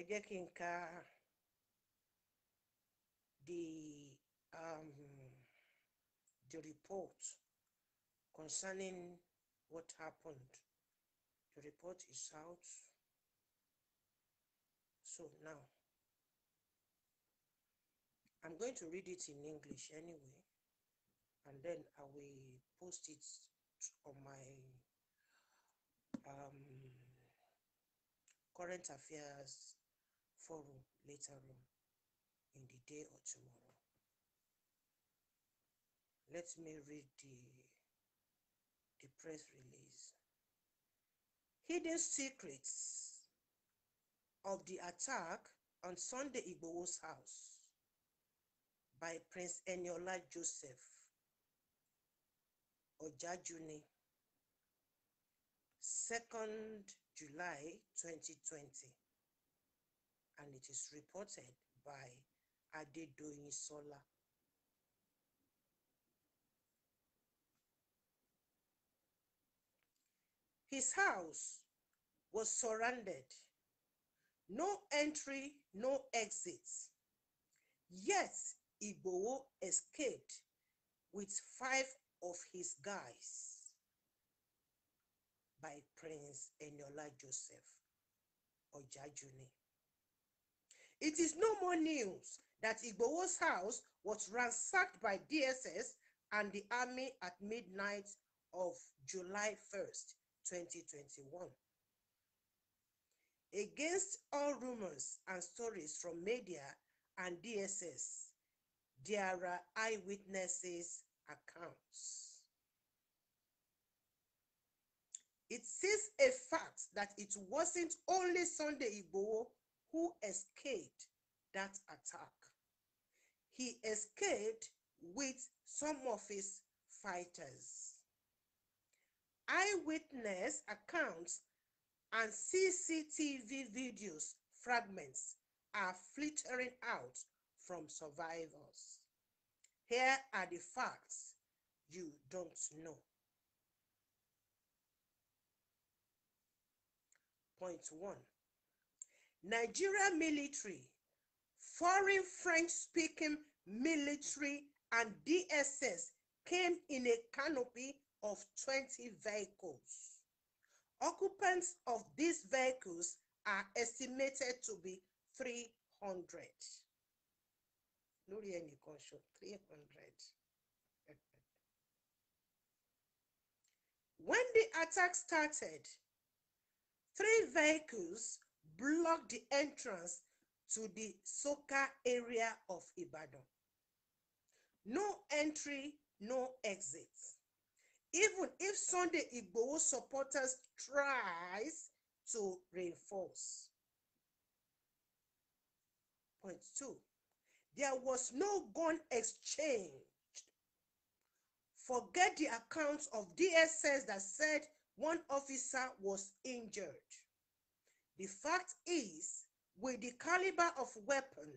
ẹ jẹ́ the um, the report concerning what happened the report is out so now I'm going to read it in English anyway and then I will post it on my um, current affairs forum later on in the day or tomorrow. Let me read the, the press release. Hidden secrets of the attack on Sunday Igbo's house by Prince Eniola Joseph Ojajuni, 2nd July 2020. and it is reported by Adedoyin Sola. His house was surrounded. No entry, no exits. Yet Igboho escaped with five of his guys by Prince Eniola Joseph Ojajuni. It is no more news that Igbo's house was ransacked by DSS and the army at midnight of July 1st, 2021. Against all rumors and stories from media and DSS, there are eyewitnesses' accounts. It is a fact that it wasn't only Sunday Igbo who escaped that attack. He escaped with some of his fighters. Eyewitness accounts and CCTV videos fragments are flittering out from survivors. Here are the facts you don't know. Point one Nigerian military, foreign French-speaking military, and DSS came in a canopy of 20 vehicles. Occupants of these vehicles are estimated to be 300. three hundred. When the attack started, three vehicles blocked the entrance to the Soka area of Ibadan. No entry, no exit. Even if Sunday Igbo supporters tries to reinforce. Point two, there was no gun exchange. Forget the accounts of DSS that said one officer was injured. The fact is, with the caliber of weapon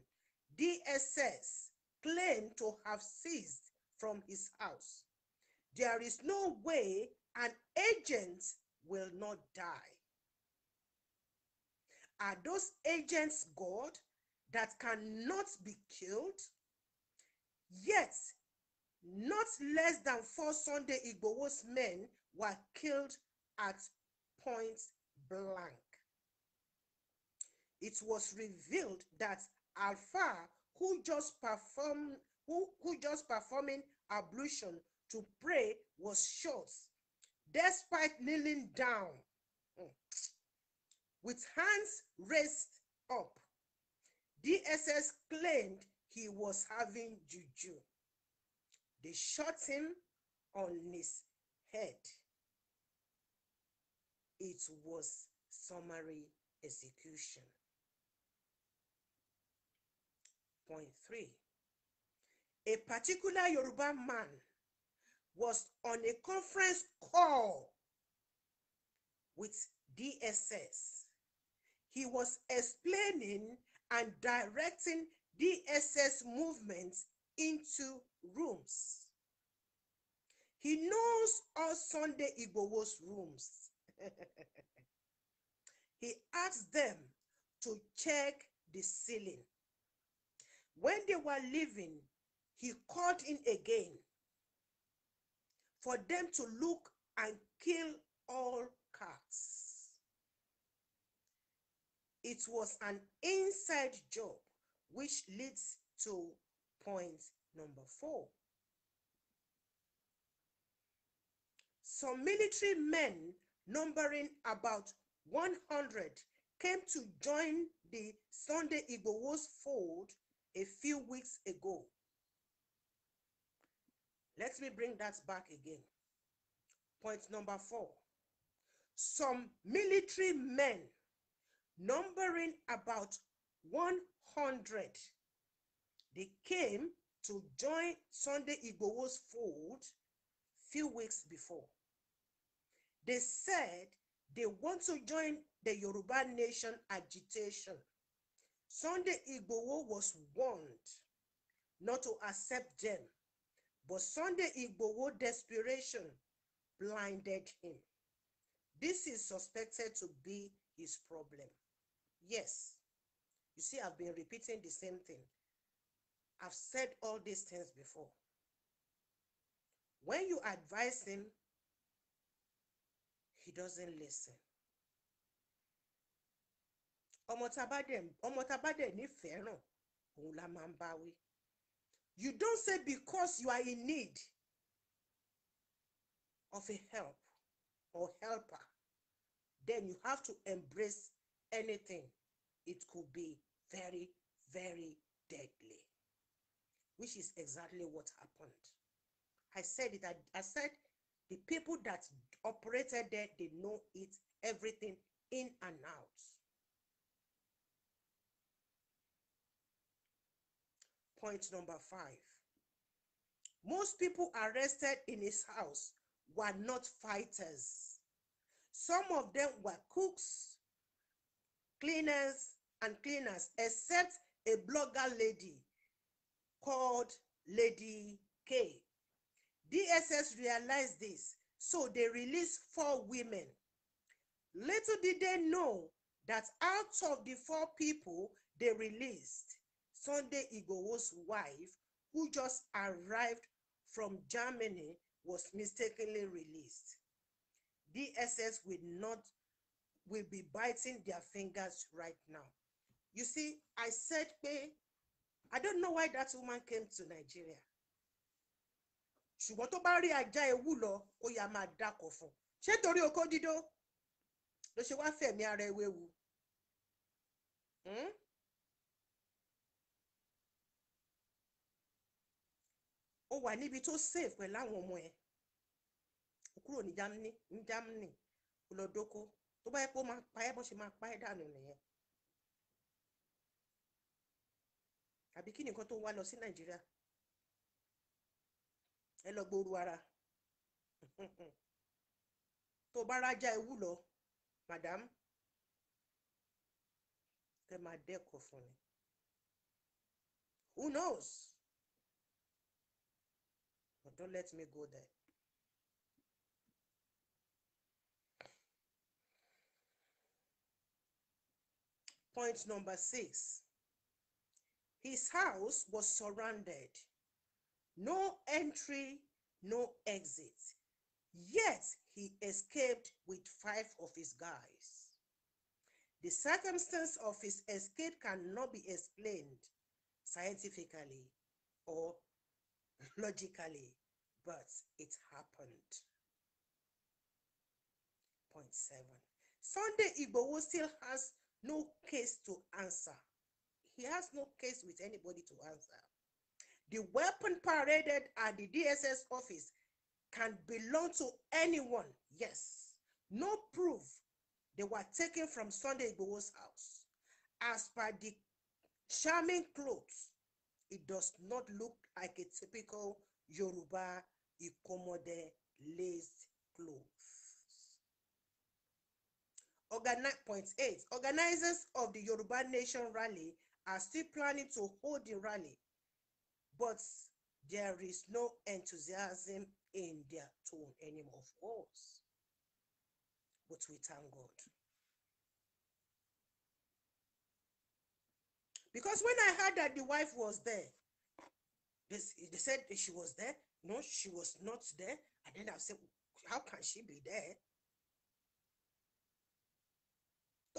DSS claimed to have seized from his house, there is no way an agent will not die. Are those agents God that cannot be killed? Yet, not less than four Sunday Igbo's men were killed at point blank it was revealed that Alpha, who just performed, who, who just performing ablution to pray, was short, despite kneeling down, mm, with hands raised up. DSS claimed he was having juju. They shot him on his head. It was summary execution. A particular Yoruba man was on a conference call with DSS. He was explaining and directing DSS movements into rooms. He knows all Sunday Igbowo's rooms. he asked them to check the ceiling. When they were leaving, he called in again for them to look and kill all cats. It was an inside job, which leads to point number four. Some military men, numbering about 100, came to join the Sunday Igbo's fold a few weeks ago. Let me bring that back again. Point number four. Some military men numbering about 100, they came to join Sunday Igbo's fold few weeks before. They said they want to join the Yoruba nation agitation Sunday Igbowo was warned not to accept them, but Sunday Igbowo desperation blinded him. This is suspected to be his problem. Yes, you see, I've been repeating the same thing. I've said all these things before. When you advise him, he doesn't listen ọmọ tá about bá dẹ̀ nífẹ̀ẹ́ about them? la máa ń bá wí. You don't say because you are in need of a help or helper, then you have to embrace anything. It could be very, very deadly, which is exactly what happened. I said it. I, I said the people that operated there, they know it, everything in and out. Point number five. Most people arrested in his house were not fighters. Some of them were cooks, cleaners, and cleaners, except a blogger lady called Lady K. DSS realized this, so they released four women. Little did they know that out of the four people they released, Sunday Igboho's wife, who just arrived from Germany, was mistakenly released. DSS will not will be biting their fingers right now. You see, I said, pay. I don't know why that woman came to Nigeria. ṣùgbọ́n tó bá rí ajá ewu lọ ó yà máa dákọ̀ fún torí okó dídó ló ṣe wáá fẹ̀mí ara ó wà níbi tó safe pẹ̀lú àwọn ọmọ ẹ̀ ó kúrò ní Germany ní Germany ó lọ dóko tó bá yẹ pé ó máa pa ẹ́ bó ṣe máa pa ẹ́ dànù nìyẹn àbí kí nìkan tó wá lọ sí Nàìjíríà ẹ lọ gbóru ara tó bá rájá ewu lọ madam ẹ máa dẹ́kọ̀ fún ni who knows. But don't let me go there. Point number six. His house was surrounded. No entry, no exit. Yet he escaped with five of his guys. The circumstance of his escape cannot be explained scientifically or logically, but it happened. Point seven. Sunday Igboho still has no case to answer. He has no case with anybody to answer. The weapon paraded at the DSS office can belong to anyone. Yes. No proof they were taken from Sunday Igboho's house. As per the charming clothes it does not look like a typical Yoruba Ikomode lace clothes. Organi point eight, organizers of the Yoruba Nation rally are still planning to hold the rally, but there is no enthusiasm in their tone anymore, of course. But we thank God. Because when I heard that the wife was there, they, they said she was there. No, she was not there. And then I said, how can she be there?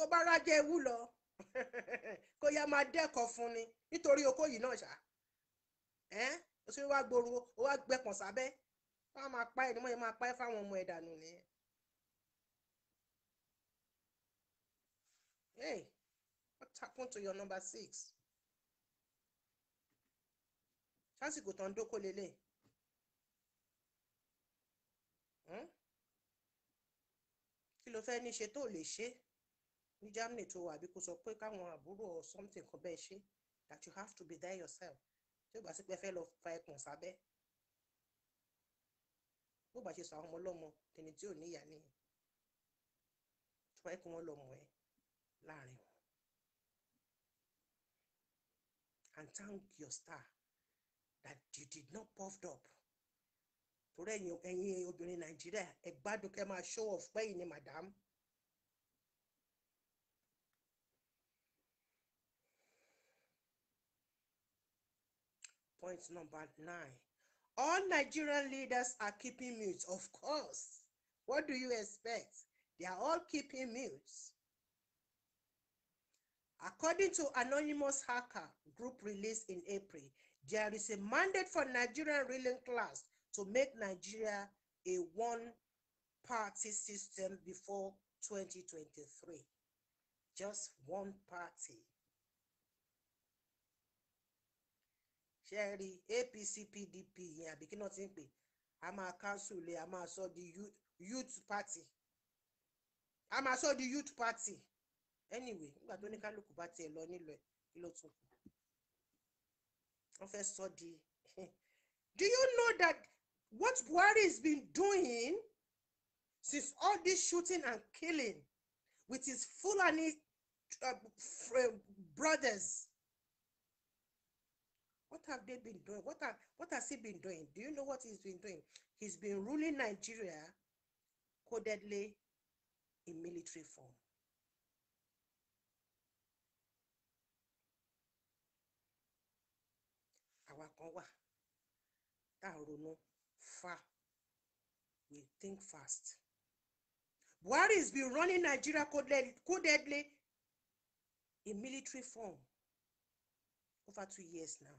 kó yá dẹ́kọ̀ fún ni nítorí okó ó wá ó wá gbẹ̀pọ̀n sábẹ́ pa ẹ̀ ní pa ẹ̀ happened to your number six sásìkò tó ń dóko lélẹ̀ kí ló fẹ́ ní ṣe tó lè ṣe ní Germany tó wà bí kò sọ pé káwọn àbúrò or something kan bẹ́ẹ̀ ṣe that you have to be there yourself tí ó bá sí pé fẹ́ lọ fa ẹkùn sábẹ́ bó bá ṣe sọ àwọn ọmọ ọlọ́mọ tẹni tí ò níyà nìyẹn tó bá ẹkùn wọn lọ mọ̀ ẹ́ láàrin wọn. and thank your star that you did not puffed up torí ẹ̀yin ẹ̀yin obìnrin nàìjíríà ẹ gbádùn kẹ́ máa show off pẹ́yìn ni madam. Point number nine. All Nigerian leaders are keeping mute, of course. What do you expect? They are all keeping mute. According to anonymous hacker, group released in April, there is a mandate for Nigerian ruling class to make Nigeria a one-party system before 2023. Just one party. Sherry, APC PDP Yeah, because kí náà ti á council. I'm á sọ the youth party á sọ the youth party anyway nígbà tó not kálukú bá tiẹ̀ lọ nílò ẹ̀ kí Professor D. Do you know that what Buhari has been doing since all this shooting and killing with his Fulani uh, uh, brothers? What have they been doing? What, are, what has he been doing? Do you know what he's been doing? He's been ruling Nigeria codedly in military form. kan wà tá à ń ronú far we think fast Buhari has been running Nigeria codedly in military form over two years now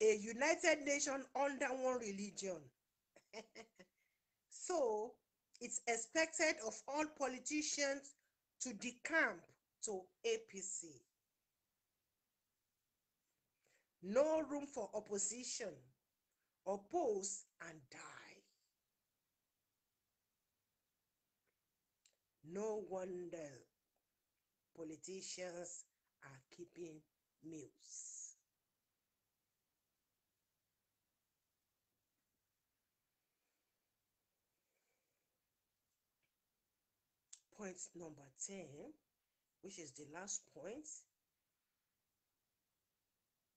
a united nation under one religion so it's expected of all politicians to decamp to APC. No room for opposition. Oppose and die. No wonder politicians are keeping mutes. point number 10, which is the last point,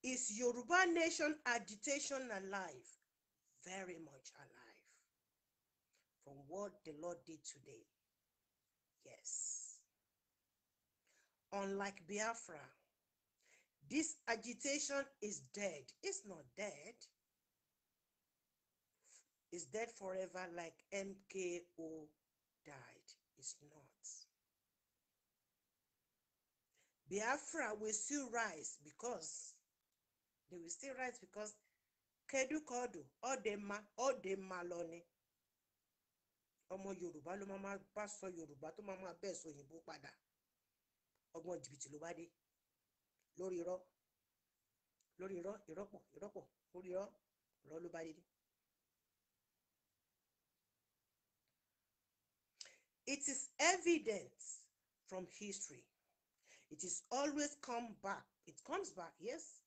is Yoruba nation agitation alive? Very much alive. From what the Lord did today. Yes. Unlike Biafra, this agitation is dead. It's not dead. It's dead forever like MKO died. It's not. Biafra will still rise because they will still rise because kedu kodu ọdịmma ọdịmma lọni ọmọ yorùbá ló máa bá sọ yorùbá tó máa máa bẹ́ẹ̀ sọ òyìnbó padà ọgbọ́n jìbìtì ló bá dé lórí irọ́ lórí irọ́ ìrọ́pọ̀ ìrọ́pọ̀ lórí irọ́ irọ́ ló bá dé dé. It is evident from history it is always come back. It comes back, yes.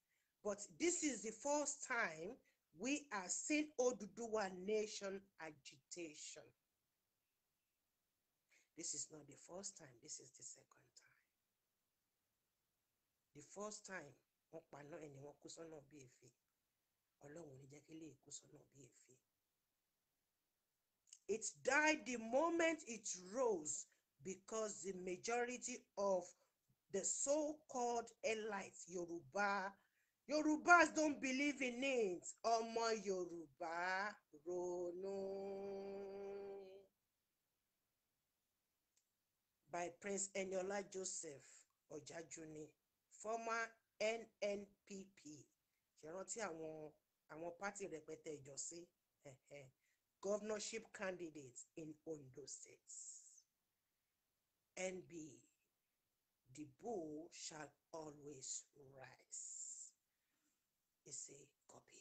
But this is the first time we are seeing Oduduwa nation agitation. This is not the first time. This is the second time. The first time, It died the moment it rose because the majority of the so-called elite Yoruba. Yorubas don't believe in it. Ọmọ Yoruba, ronú. By Prince Eniola Joseph Ọ̀jájúni, former NNPP, ṣèrántí àwọn àwọn pátì rẹpẹtẹ ìjọsí, governorship candidate in Ondo State, NB. the bull shall always rise. It's a copy.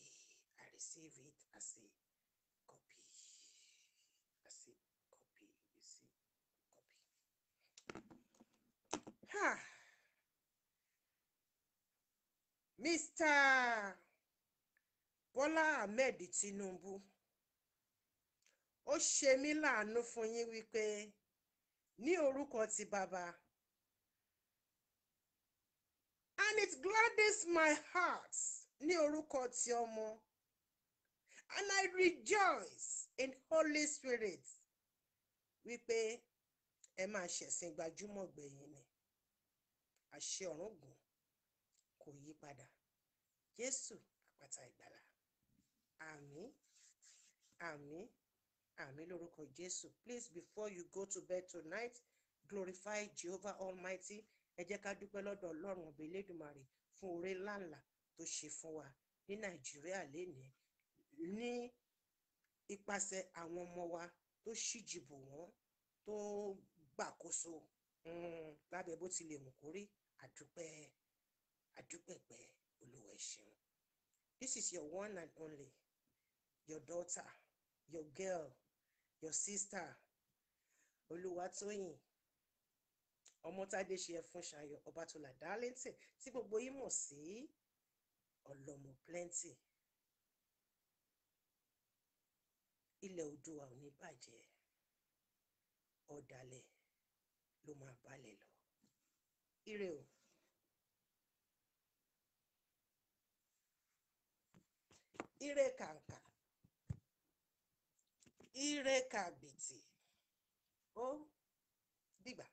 I receive it as a copy. As a copy. You see, copy. Ha! Mr. Bola Ahmed Tinubu. Ó ṣe mí láàánú fún yín wípé ní orúkọ ti bàbá and it gladdens my heart ní orúkọ ti ọmọ and I rejoice in Holy Spirit wípé ẹ máa ṣẹ̀sìn gbajúmọ̀ gbẹ̀yìn ni àṣẹ ọ̀run gùn kò yí padà Jésù àpáta ìgbàlà àmín àmín àmín lórúkọ Jésù please before you go to bed tonight glorify Jehovah Almighty ẹ jẹ́ ká dúpẹ́ lọ́dọ̀ ọlọ́run ọba elédùnmarè fún oore ńláńlá tó ṣe fún wa ní nàìjíríà lénìí ní ipasẹ̀ àwọn ọmọ wa tó ṣíjìbò wọ́n tó gbàkóso hmm, lábẹ́ bó tilẹ̀ wù kó rí àdúpẹ́ àdúpẹ̀pẹ̀ olúwa ẹ ṣeun this is your one and only your daughter your girl your sister olúwatóyìn ọmọtádé ṣe ẹfun ṣayọ ọbátọlá darlington tí gbogbo yín mọ̀ sí ọlọ́mọ plenty ilẹ̀ oòdùà ò ní bàjẹ́ ọ̀dàlẹ̀ ló máa balẹ̀ lọ ire o. ire kàǹkà ire kàgbìtì ó dìgbà.